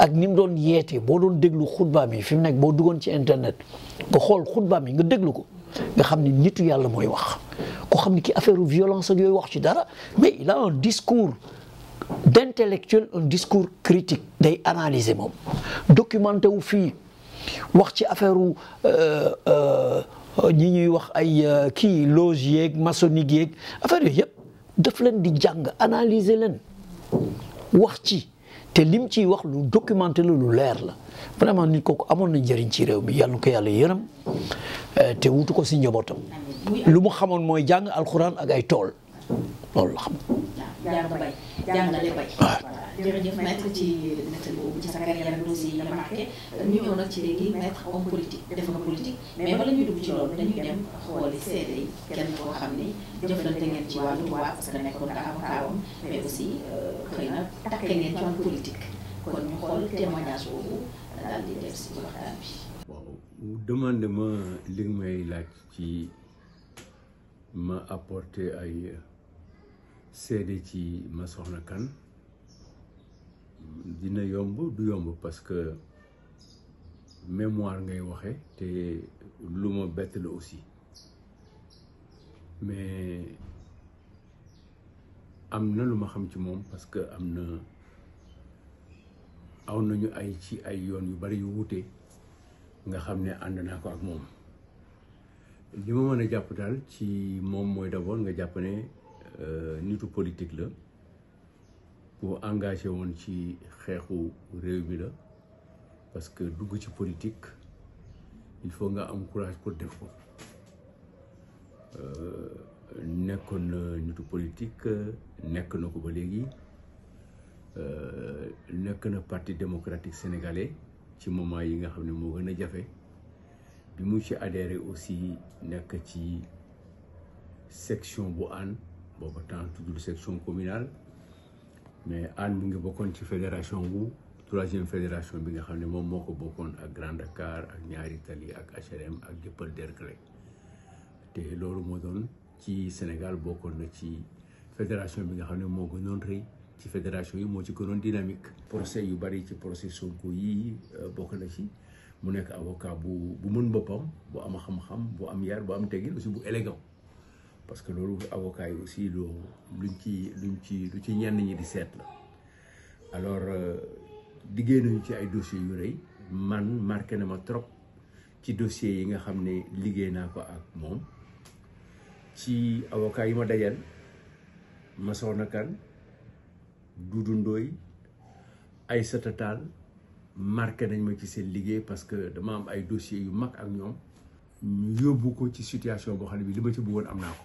ak ni mu doon yeete boo doon déglu xutba mi fi mu nekk boo duggoon ci internet nga xool xutba mi nga déglu ko nga xam ni nitu yàlla mooy wax ko xam ni ki affaire violence ak yooyu wax ci dara mais il a un un discours critique day analyser moom documenté wu fii wax ci affaire u euh, euh, ñi ñuy wax ay euh, kii loge yeeg maçonnique yeeg affaire yooyu yëpp daf leen di jàng analyser leen wax ci te lim ciy wax lu documenté la lu leer la vraiment nit kooku amoon na njëriñ ci réew mi yàlla ko yàlla yërëm euh, te wutu ko si njabootam lu mu xamoon mooy jàng alxuraan ak ay tool jàng bay jàngale bay. waaw jërëjëf maître ci maître boobu ci sa carrière ak dossier yi ñu ñëw nag ci léegi maître homme politique def nga mais bala ñuy dugg ci loolu dañuy dem xooli seede kenn koo xam ni jëflante ngeen ci wàllu droit parce que nekkoon nga avocat wam mais aussi euh, xëy na takke ngeen ci wàllu politique kon ñu xool témoignage boobu daal di def si waxtaan bi. waaw demande ma li may ci ma apporter ay. seede ci ma soxna kan dina yomb du yomb parce que mémoire ngay waxe te lu ma bett la aussi mais am na lu ma xam ci moom parce que am na aw nañu ay ci ay yoon yu bari yu wuute nga xam ne ànd naa ko ak moom li ma mën a jàpp daal ci moom mooy d'abord nga jàpp ne Euh, nitu politique la pour engager ci parce que dugg ci politique il faut nga am courage pour def ko euh, politique nekk euh, parti démocratique sénégalais ci moment yi nga adhéré aussi section booba temps tuddul section communale mais Anne mu ngi bokkoon ci fédération wu troisième fédération bi nga xam mom moko moo ak Grand Dakar ak ñaari tali ak HLM ak Dieuppeul Derklé té lolu mo don ci Sénégal bokkoon na ci fédération bi nga xam mo moo gënoon rëy ci fédération yi mo ci gënoon dynamique. procès yu bari ci procès Sonko yi euh, bokk na ci mu nek avocat bu bu mën bopam bu am xam-xam bu am yar bu am teggin aussi bu élégant. parce que loolu avocat yi aussi lu luñ ci luñ ci lu ci ñenn ñi di seet la alors euh, liggéey nañu ci ay dossiers yu rey man marqué na ma trop ci dossiers yi nga xam ne liggéey naa ko ak moom ci awokaay yi ma dajal Massokhna Kane Doudou Ndoye Aïssata Tall marqué nañ ma ci seen liggéey parce que dama am ay dossiers yu mag ak ñoom ñu yóbbu ko ci situation boo xam ne bi li ma ci bëggoon am naa ko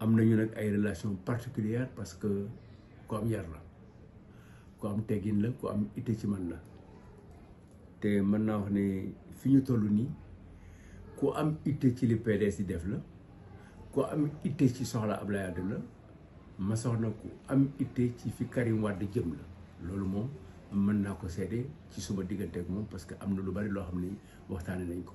am nañu nak ay relation particulière parce que ko am yar la ko am teggine la ko am ité ci man la té man na wax né fiñu tollu ni ko am ité ci li PDS di def la ko am ité ci soxla Abdoulaye Adou la ma soxna ko am ité ci fi Karim Wad jëm la lolu mom man na ko sédé ci suma digënté ak mom parce que amna lu bari lo xamni waxtaané nañ ko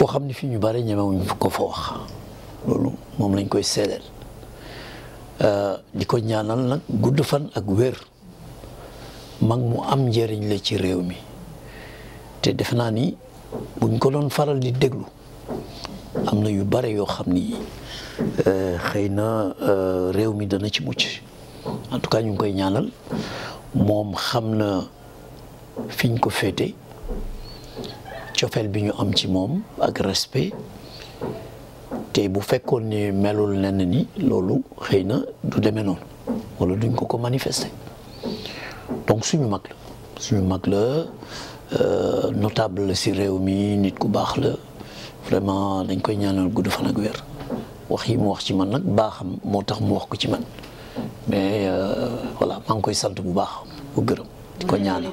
foo xam ne fi ñu bari ñemewuñ ko fa wax loolu moom lañ koy seedeel euh, di ko ñaanal nag gudd fan ak wér mag mu am njëriñ la ci réew mi te defe naa ni buñ ko doon faral di déglu am na yu bare yoo xam ni euh, xëy na euh, réew mi dana ci mucc en tout cas ñu ngi koy ñaanal moom xam na fiñ ko féete cofeel bi ñu am ci mom ak respect té bu fekkone ne melul nenn ni loolu xëy du démé non wala duñ ko ko manifester donc suñu mag la suñu mag la euh, notable si réew mi nit ku baax la vraiment dañ koy ñaanal gudd fan ak wér wax yi mu wax ci man nag baaxam moo tax mu wax ko ci man mais euh, voilà maa ngi koy sant bu baax bu gërëm di ko ñaanal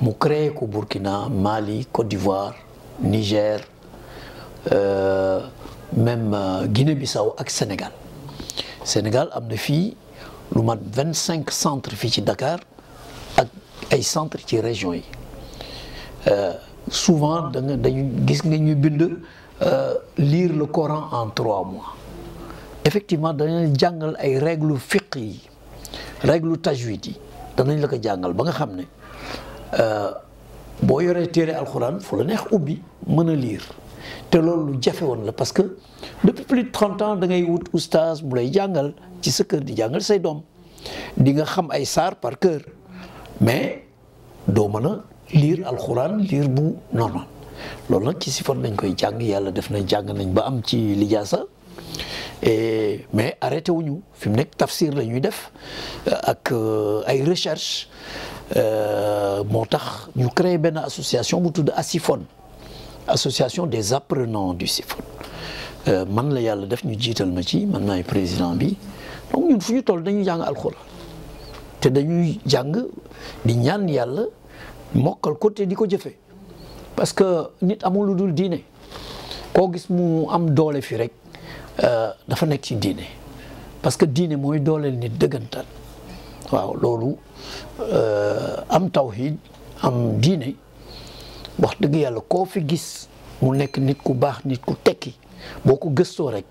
mu créé Burkina Mali Côte d'Ivoire Niger euh, même euh, Guinée-Bissau et Sénégal Sénégal a Sénégal, a lu centres de Dakar et des centres ci région euh, souvent da nga lire le Coran en trois mois effectivement dañu jàngal des règles fiqh des règles tajwid yi Euh, boo yoree téere alxuraan fu la neex ubbi mën a liir te loolu lu jafe woon la parce que depuis plus de trente ans da ngay wut oustaz bu lay jàngal ci sa kër di jàngal say doom di nga xam ay saar par cœur mais doo mën a liir alxuraan liir bu normal loolu nag ci sifon nañ koy jàng yàlla def na jàng nañ ba am ci lijaasa sa mais arrêté wuñu fi mu nekk tafsir la ñuy def euh, ak euh, ay recherche Euh, moo tax ñu créé ben association bu tudd asifone association des apprenants du euh man la yalla def ñu jital ma ci man maay président bi donc ñun fuñu toll dañuy jang alcorane té dañuy jang di ñaan yalla mokal ko te di ko parce que nit amul lu dul diine gis mu am doolé fi rek euh dafa nek ci diiné parce que diiné moy doolé nit dëggantaan waaw lolu Euh, am tawhid am diine wax dëgg yàlla koo fi gis mu nekk nit ku baax nit ku tekki boo ko gëstoo rek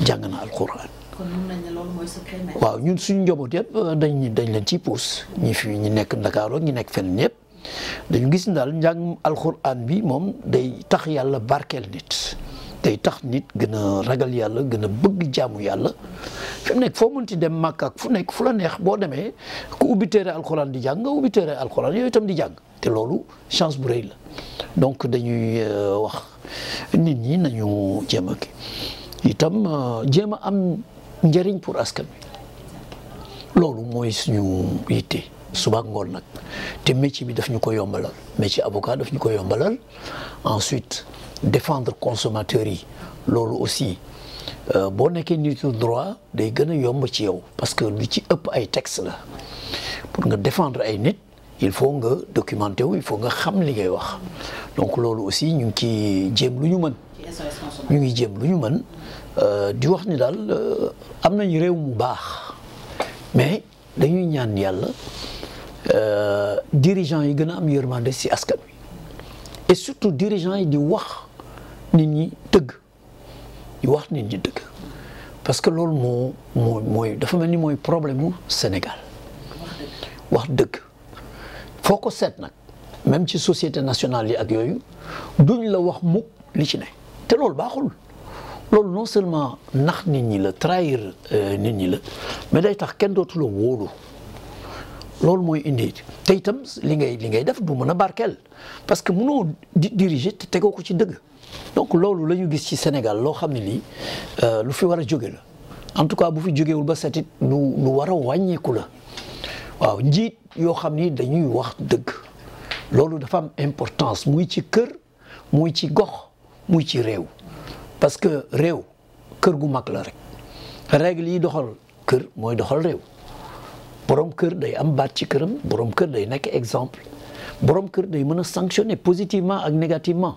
jàng na alquran. kon mun nañ waaw ñun suñu njaboot yëpp euh, dañ dañ leen ci puus ñi fi ñi nekk Ndakaaru ñi nekk fenn ñëpp dañu gis ndaal njàng alquran bi moom day tax yàlla barkeel nit. day tax nit gën a ragal yàlla gën a bëgg jaamu yàlla fi mu nekk foo mënti dem màkk ak fu nekk fu la neex boo demee ku ubbi téere alxuraan di jàng nga ubbi yooyu itam di jàng te loolu chance bu rëy la donc dañuy euh, wax nit ñi nañu jéem a ki itam euh, jéem a am njëriñ pour askan wi loolu mooy suñu yitte suba ak ngoon nag te métier bi daf ñu ko yombalal métier avocat daf ñu ko yombalal ensuite défendre consommateur aussi aussi on a un droit day a parce que nous ci texte pour défendre ay il faut nga documenter il faut que xam les donc l'eau aussi nous qui ci jéem Nous ñu mën ñu ngi jéem euh, di wax ni euh, mais dañuy ñaan euh, dirigeants yi et surtout dirigeants yi di wax nit ñi wax nit ñi dëgg parce que lool moo moy moy dafa melni moy problème Sénégal wax dëgg foo ko seet nag même ci société nationale yi ak yoyu duñ la wax mukk li ci ne té lool baxul lool non seulement nax nit ñi la trahir euh, nit ñi la mais day tax kenn dootu la wolu lool moy indi té itam li ngay li ngay def du mën barkel parce que mënoo diriger té tegoo ko ci deug donc ce que vous ci Sénégal lo euh, lu en tout cas bu fi wul ba setit lu lu wara a la waaw dañuy wax importance ci kër ci gox ci parce que réew kër gu la rek règle yi doxal kër doxal borom kër exemple borom kër day sanctionner positivement ak négativement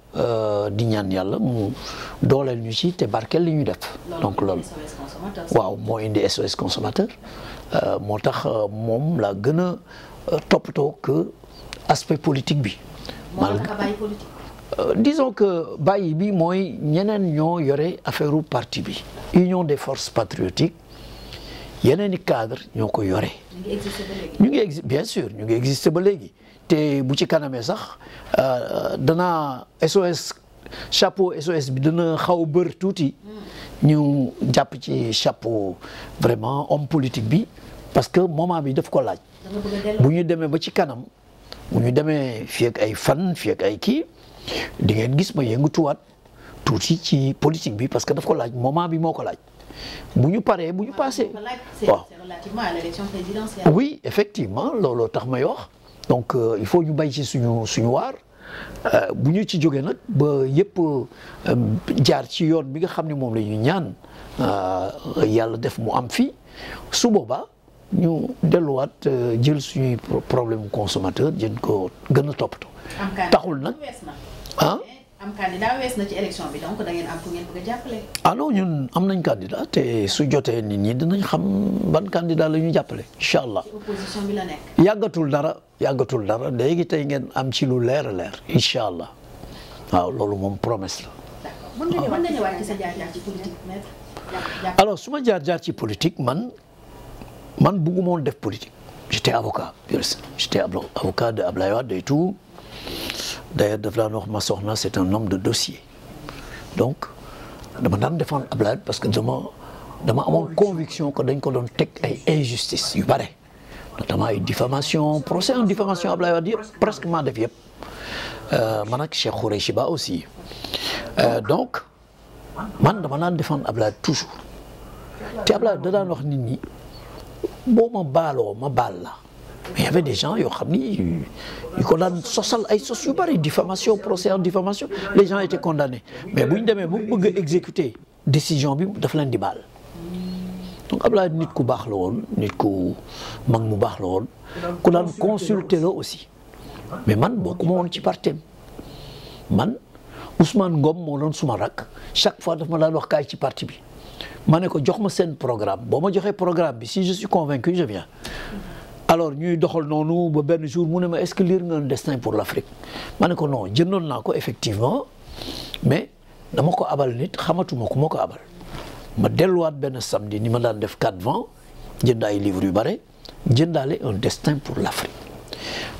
Euh, di ñaan yàlla mu dooleel ñu ci te barkeel li ñuy def donc loolu waaw moo indi SOS consommateur euh, moo tax euh, moom la gën top toppatoo que aspect politique bi disons que bàyyi bi mooy ñeneen ñoo yore affaire u parti bi union des forces patriotiques yeneen i cadre ñoo ko yore ñu ngi exi bien sûr ñu ngi existé ba léegi te bu ci kanamee sax euh, dana SOS chapeau SOS bi dana xaw bër tuuti ñu jàpp ci chapeau vraiment homme politique bi parce que moment bi daf ko laaj bu ñu demee ba ci kanam bu ñu demee fii ay fan fii ay kii di ngeen gis ma yëngutuwaat tuuti ci politique bi parce que daf ko laaj moment bi moo ko laaj bu ñu paree bu ñu passé waaw oui effectivement looloo tax may wax donc euh, il faut ñu bay ci suñu suñu war euh, bu ñu ci joggé nak ba yépp euh, jaar ci yoon bi nga xamni mom lañu ñaan euh, yalla def mu am fi su boba ñu déluat jël suñu problème consommateur jën ko gëna topato taxul nak han ah? am candidat wees am nañ candidat te su jotee nit ñi dinañ xam ban candidat la ñu jàppale incha allah. yàggatul dara yàggatul dara léegi tey ngeen am ci lu leer leer incha allah waaw loolu moom promesse la. d'accord su ma jaar-jaar ci politique man man bëgguma woon def politique. j'étais avocat juriste j'étais avocat de Ablaye Wade et tout. d'ailleurs Devlanor Massorna, c'est un homme de dossier donc dama défends défendre ablad parce que je dama suis conviction que dañ une doon injustice yu bare notamment une diffamation un procès en diffamation ablad va dire, presque ma def Je suis un Cheikh de Ba aussi euh, donc je dama daan défendre ablad toujours Et Ablaye da daan wax nit bon je ma ma mais il y avait des gens ils xam ni yu ko daan sosal ay sos diffamation procès en diffamation les gens étaient condamnés mais bu ñu demee ba bëgg a exécuter décision bi daf des di donc Ablaye nit ku baax la woon nit ku mag mu baax la woon ku daan consulter la aussi mais man bokkuma woon ci partem man Ousmane Ngom moo doon suma rakk chaque fois daf ma daan wax kaay ci parti bi ma ne ko jox ma seen programme boo programme bi si je suis convaincu je viens alors nous, doxal nous ba jour est-ce que destin pour l'Afrique Je non nous, effectivement mais dama ko abal nit ma dit. abal ma dit samedi ni ma quatre un destin pour l'Afrique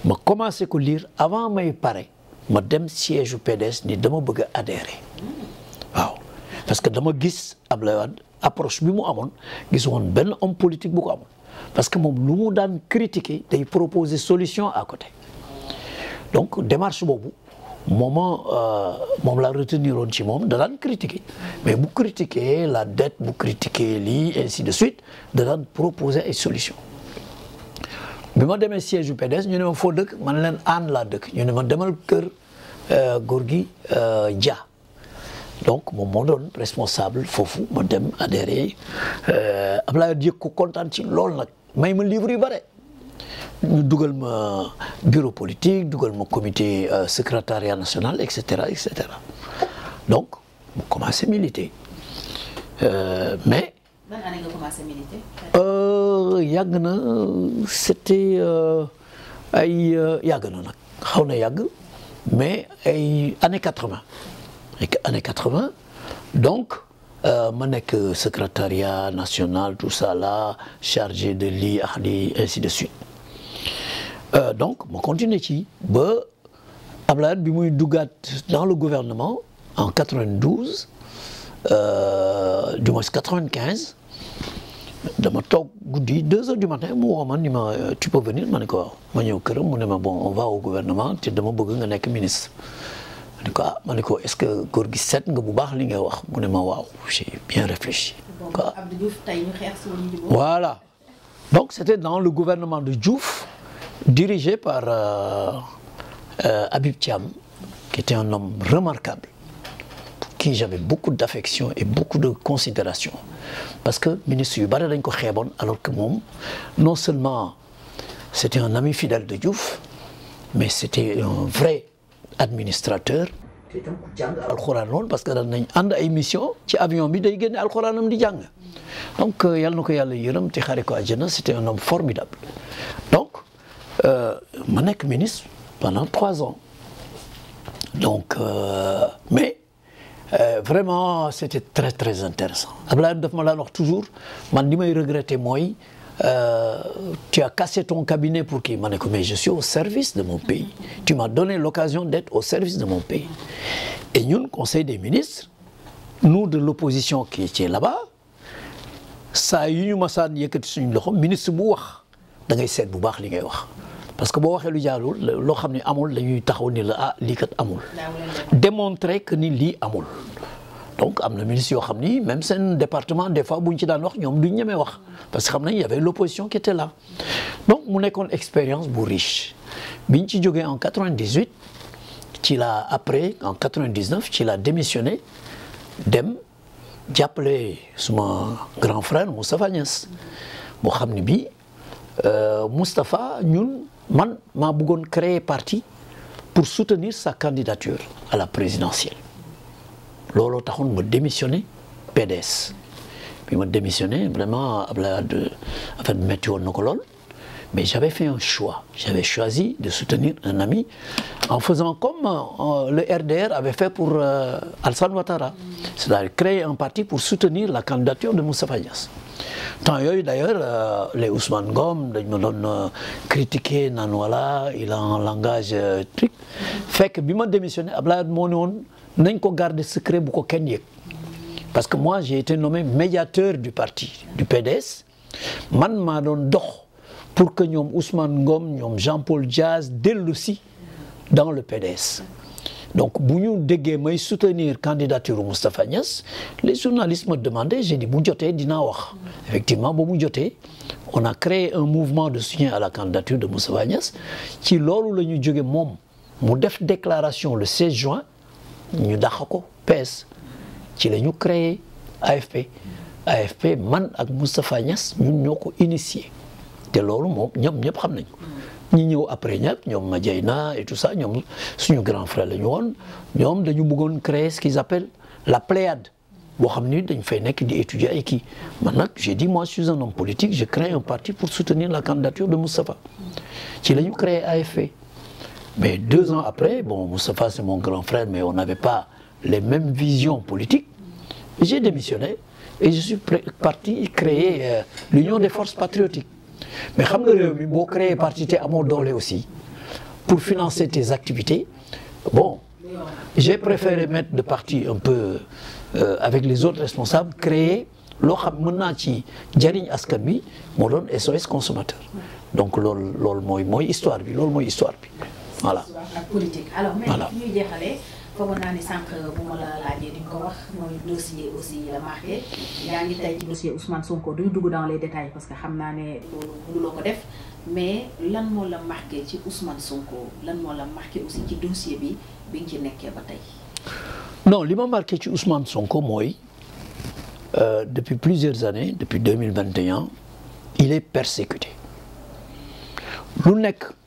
ma commencé à lire avant may pare ma dem siège du PDS ni dama adhérer parce que dama gis Ablaye approche bi homme politique bu ko parce que mon lu critiqué, daan critiquer day proposer solution à côté donc démarche boobu moment euh, moom la retenir woon ci moom da daan critiquer mais vous critiquer la dette vous critiquer lii ainsi de suite da proposer des solutions. Mais ma demee siège u PDS ñu ne nous avons fait man leen aan la dëkk ñu avons fait demal kër euh, góor gi euh, Dia donc mon moo responsable Fofu, ma dem adhéré Ablaye yëg ko kontaan ci lool may ma livre yu bare ñu dugal ma bureau politique dugal ma comité euh, secrétariat national et cetera et cetera donc mu commencé militer euh, mais. ban année nga militer. Euh, yàgg na c'était ay yàgg na nag xaw na yàgg mais ay années quatre-vingt ay années donc. Euh, ma le secrétariat national tout ça là chargé de lii ah, ainsi de suite euh, donc je continue Je ba dans le gouvernement en 92 euh, du moins 95 dama tok goudi 2 heures du matin tu peux venir je ko bon on va au gouvernement tu dama bëgg ministre est-ce que nga j'ai bien réfléchi. voilà donc c'était dans le gouvernement de Diouf dirigé par euh, euh, Abib Thiam qui était un homme remarquable pour qui j'avais beaucoup d'affection et beaucoup de considération parce que ministre yu dañ alors que non seulement c'était un ami fidèle de Diouf mais c'était un vrai administrateur alxuraan non parce que daan nañ ànd ay mission ci avion bi day génne alxuraanam di jàng donc euh, yalla na yalla yàlla ti te ko c'était un homme formidable donc euh, ma nek ministre pendant trois ans donc euh, mais vraiment c'était très très intéressant abla def ma daan wax toujours man li regretter moy euh, tu as cassé ton cabinet pour qui Mais je suis au service de mon pays. Tu m'as donné l'occasion d'être au service de mon pays. Et nous, le Conseil des ministres, nous de l'opposition qui était là-bas, ça a eu ministre da ngay ministre bu dans li ngay wax parce que boo waxee dit que loo xam ne amul dañuy taxaw ni la ah que kat amul démontrer que ni lii amul donc il y ministre yoo même même un département des fois bu ci daan wax ñoom parce que parce y avait l'opposition qui était là donc mon une expérience riche en 98 après en 99 il a démissionné dem appelé mon grand frère Moustapha Nias, Il a dit « Moustapha ñun man m'a créer parti pour soutenir sa candidature à la présidentielle Lolo taxoon ma démissionné PDS Puis ma démissionné vraiment de en fait métti woon de mais j'avais fait un choix j'avais choisi de soutenir un ami en faisant comme euh, le RDR avait fait pour euh, al Ouattara c'est-à-dire créer un parti pour soutenir la candidature de Moussa tant Tant eu d'ailleurs euh, les Ousmane Gom ils ma critiqué critiquer il a un langage truc fait que ma démissionné à moo nañ ko garder secret bu ko kenn yëg parce que moi j'ai été nommé médiateur du parti du PDS man maa suis dox pour que ñoom Ousmane Ngom ñoom Jean-Paul Diaz dellu dans le PDS donc bu ñu déggee may soutenir candidature Moustapha Niass les journalistes me demandaient j'ai dit bu jotee dinaa wax effectivement ba mu on a créé un mouvement de soutien à la candidature de Moustapha Niass ci loolu la ñu jóge mu def déclaration le 16 juin ñu dàq ko PS ci la ñu créé AFP AFP man ak Moustapha Niass ñun ñoko ko initié te loolu mom ñoom ñep xam nañ ñi ñëw après ñom ma jeyna et tout ça ñom suñu grand frère la ñu woon ñoom dañu bëggoon créer ce qu'ils appellent la Pléiade bo xamni dañ fay nek di étudier ay ki man nak j'ai dit moi je suis un homme politique je crée un parti pour soutenir la candidature de Moustapha ci lañu créer AFP mais deux ans après, bon, Moustapha c'est mon grand frère, mais on n'avait pas les mêmes visions politiques. J'ai démissionné et je suis parti créer euh, l'Union des forces patriotiques. Mais quand je suis mi créer parti à mon dolé aussi pour financer tes activités bon j'ai préféré mettre de parti un peu euh, avec les autres responsables créer loo xam mën ci SOS consommateur donc loolu histoire bi histoire puis voilà la politique alors mais ñu jeexalee foogoon naa ni sank bu ma la laajee di ko wax moy dossier aussi la marqué yaa ngi tey ci dossier Ousmane Sonko duñ dugg dans les détails parce que xamna né ne loolu ko def mais lan mo la marqué ci Ousmane Sonko lan mo la marqué aussi ci dossier bi bi ci nekkee ba tay non li ma marqué ci Ousmane Sonko moy euh, depuis plusieurs années depuis 2021 il est persécuté lu nekk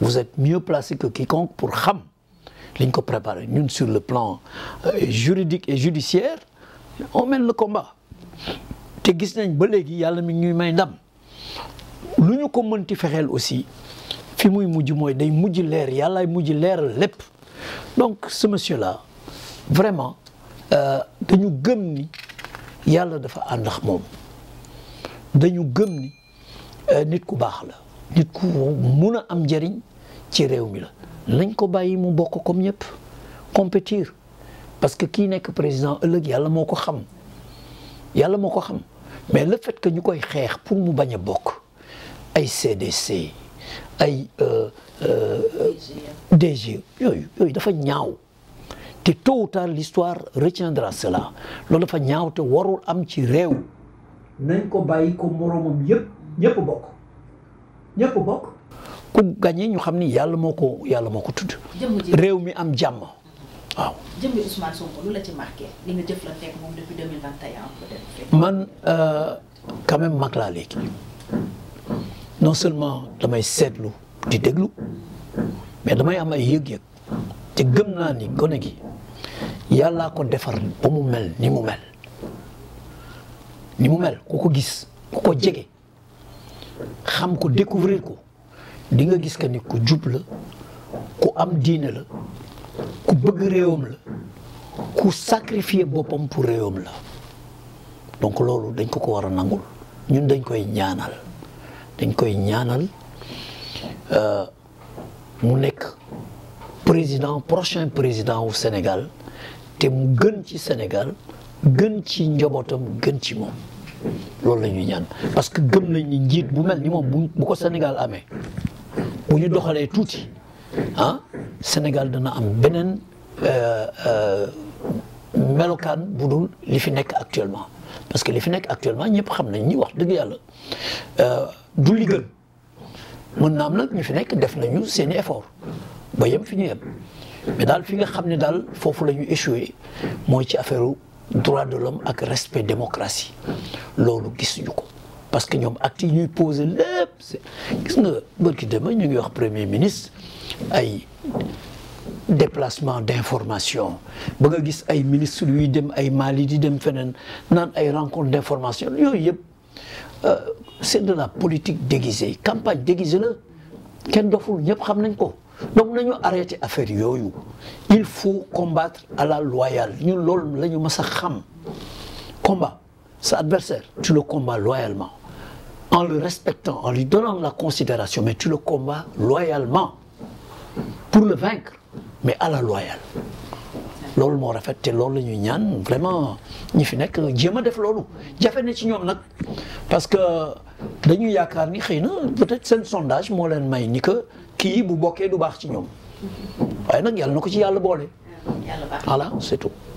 vous êtes mieux placé que quiconque pour xam liñ ko préparé ñun sur le plan euh, juridique et judiciaire on mène le combat te gis nañ ba légui yalla mi ñuy may ndam luñu ko mënti fexel aussi fi muy muju moy day muju lèr yalla ay muju lèr lépp donc ce monsieur là vraiment euh dañu gëm ni yalla dafa ànd ak moom dañu gëm ni euh, nit ku bax la nit ku mëna am njëriñ ci réew mi la nañ ko bàyyi mu bokk comme ñëpp compétir parce que kii nekk président ëllëg yàlla moo ko xam yàlla moo ko xam mais le fait que ñu koy xeex pour mu bañ a bokk ay CDC ay euh, euh, DG e. e, yooyu yooyu dafa ñaaw te tôt ou tard l'histoire retiendra cela loolu dafa ñaaw te warul am ci réew nañ ko bàyyi ko moroomam yëpp ñëpp bokk ñëpp bokk ku gagné ñu xam ni yàlla moo ko yàlla moo ko tudd. réew mi am jàmm waaw. jëmmi Ousmane Sonko lu la ci man euh, quand mag laa léegi non seulement damay seetlu di déglu mais damay am ay yëg-yëg te gëm naa ni gone gi yàllaa ko defar ba mu mel ni mu mel ni mu mel ku ko gis ku ko jege xam ko découvrir ko. di nga gis que ni ku jub la ku am diine la ku bëgg réewam la ku sacrifier boppam pour réewam la donc loolu dañ ko ko war a nangul ñun dañ koy ñaanal dañ koy ñaanal euh, mu nekk président prochain président wu Sénégal te mu gën ci Sénégal gën ci njabootam gën ci moom loolu la ñuy ñaan parce que gëm nañ ni njiit bu mel ni moom bu ko Sénégal amee bu ñu doxalee tuuti le ah, Sénégal dana am euh, euh, actuellement parce que li fi actuellement ñëpp xam ñi wax dëgg euh, du ñu fi def effort ba yem fi mais daal fi nga xam ne daal la ñu ci affaire droit de l'homme ak respect démocratie loolu ko parce que nous avons yi ñuy posé lépp gis nga bërki ñu wax premier ministre ay déplacement d'information Bon, nga gis ay ministre yuy dem ay Mali di dem fenen nan ay rencontre d'information yooyu euh, c'est de la politique déguisée campagne déguisée la Ken doful yep xam nañ ko donc avons arrêté affaire il faut combattre à la loyale Nous l'ol nous ñu combat C'est adversaire tu le combats loyalement en le respectant, en lui donnant la considération, mais tu le combats loyalement pour le vaincre, mais à la loyale. Lol mo rafet té lol la ñaan vraiment ñi fi nek jéem def Nous jafé na ci ñom nak parce que dañu yaakaar ni xeyna peut-être un sondage mo leen may ni que ki bu bokkee du bax ci ñoom nak yalla nako ci yalla bolé yalla voilà c'est tout.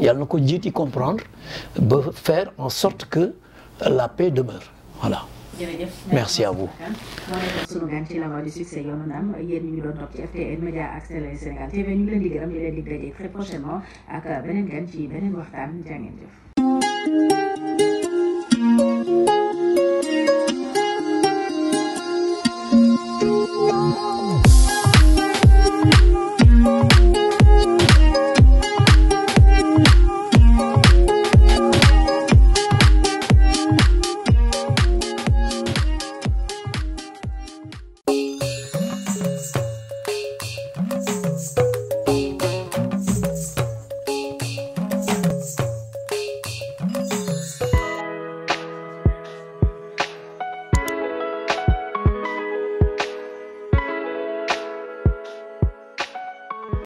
y a le ko de comprendre faire en sorte que la paix demeure voilà. merci à vous.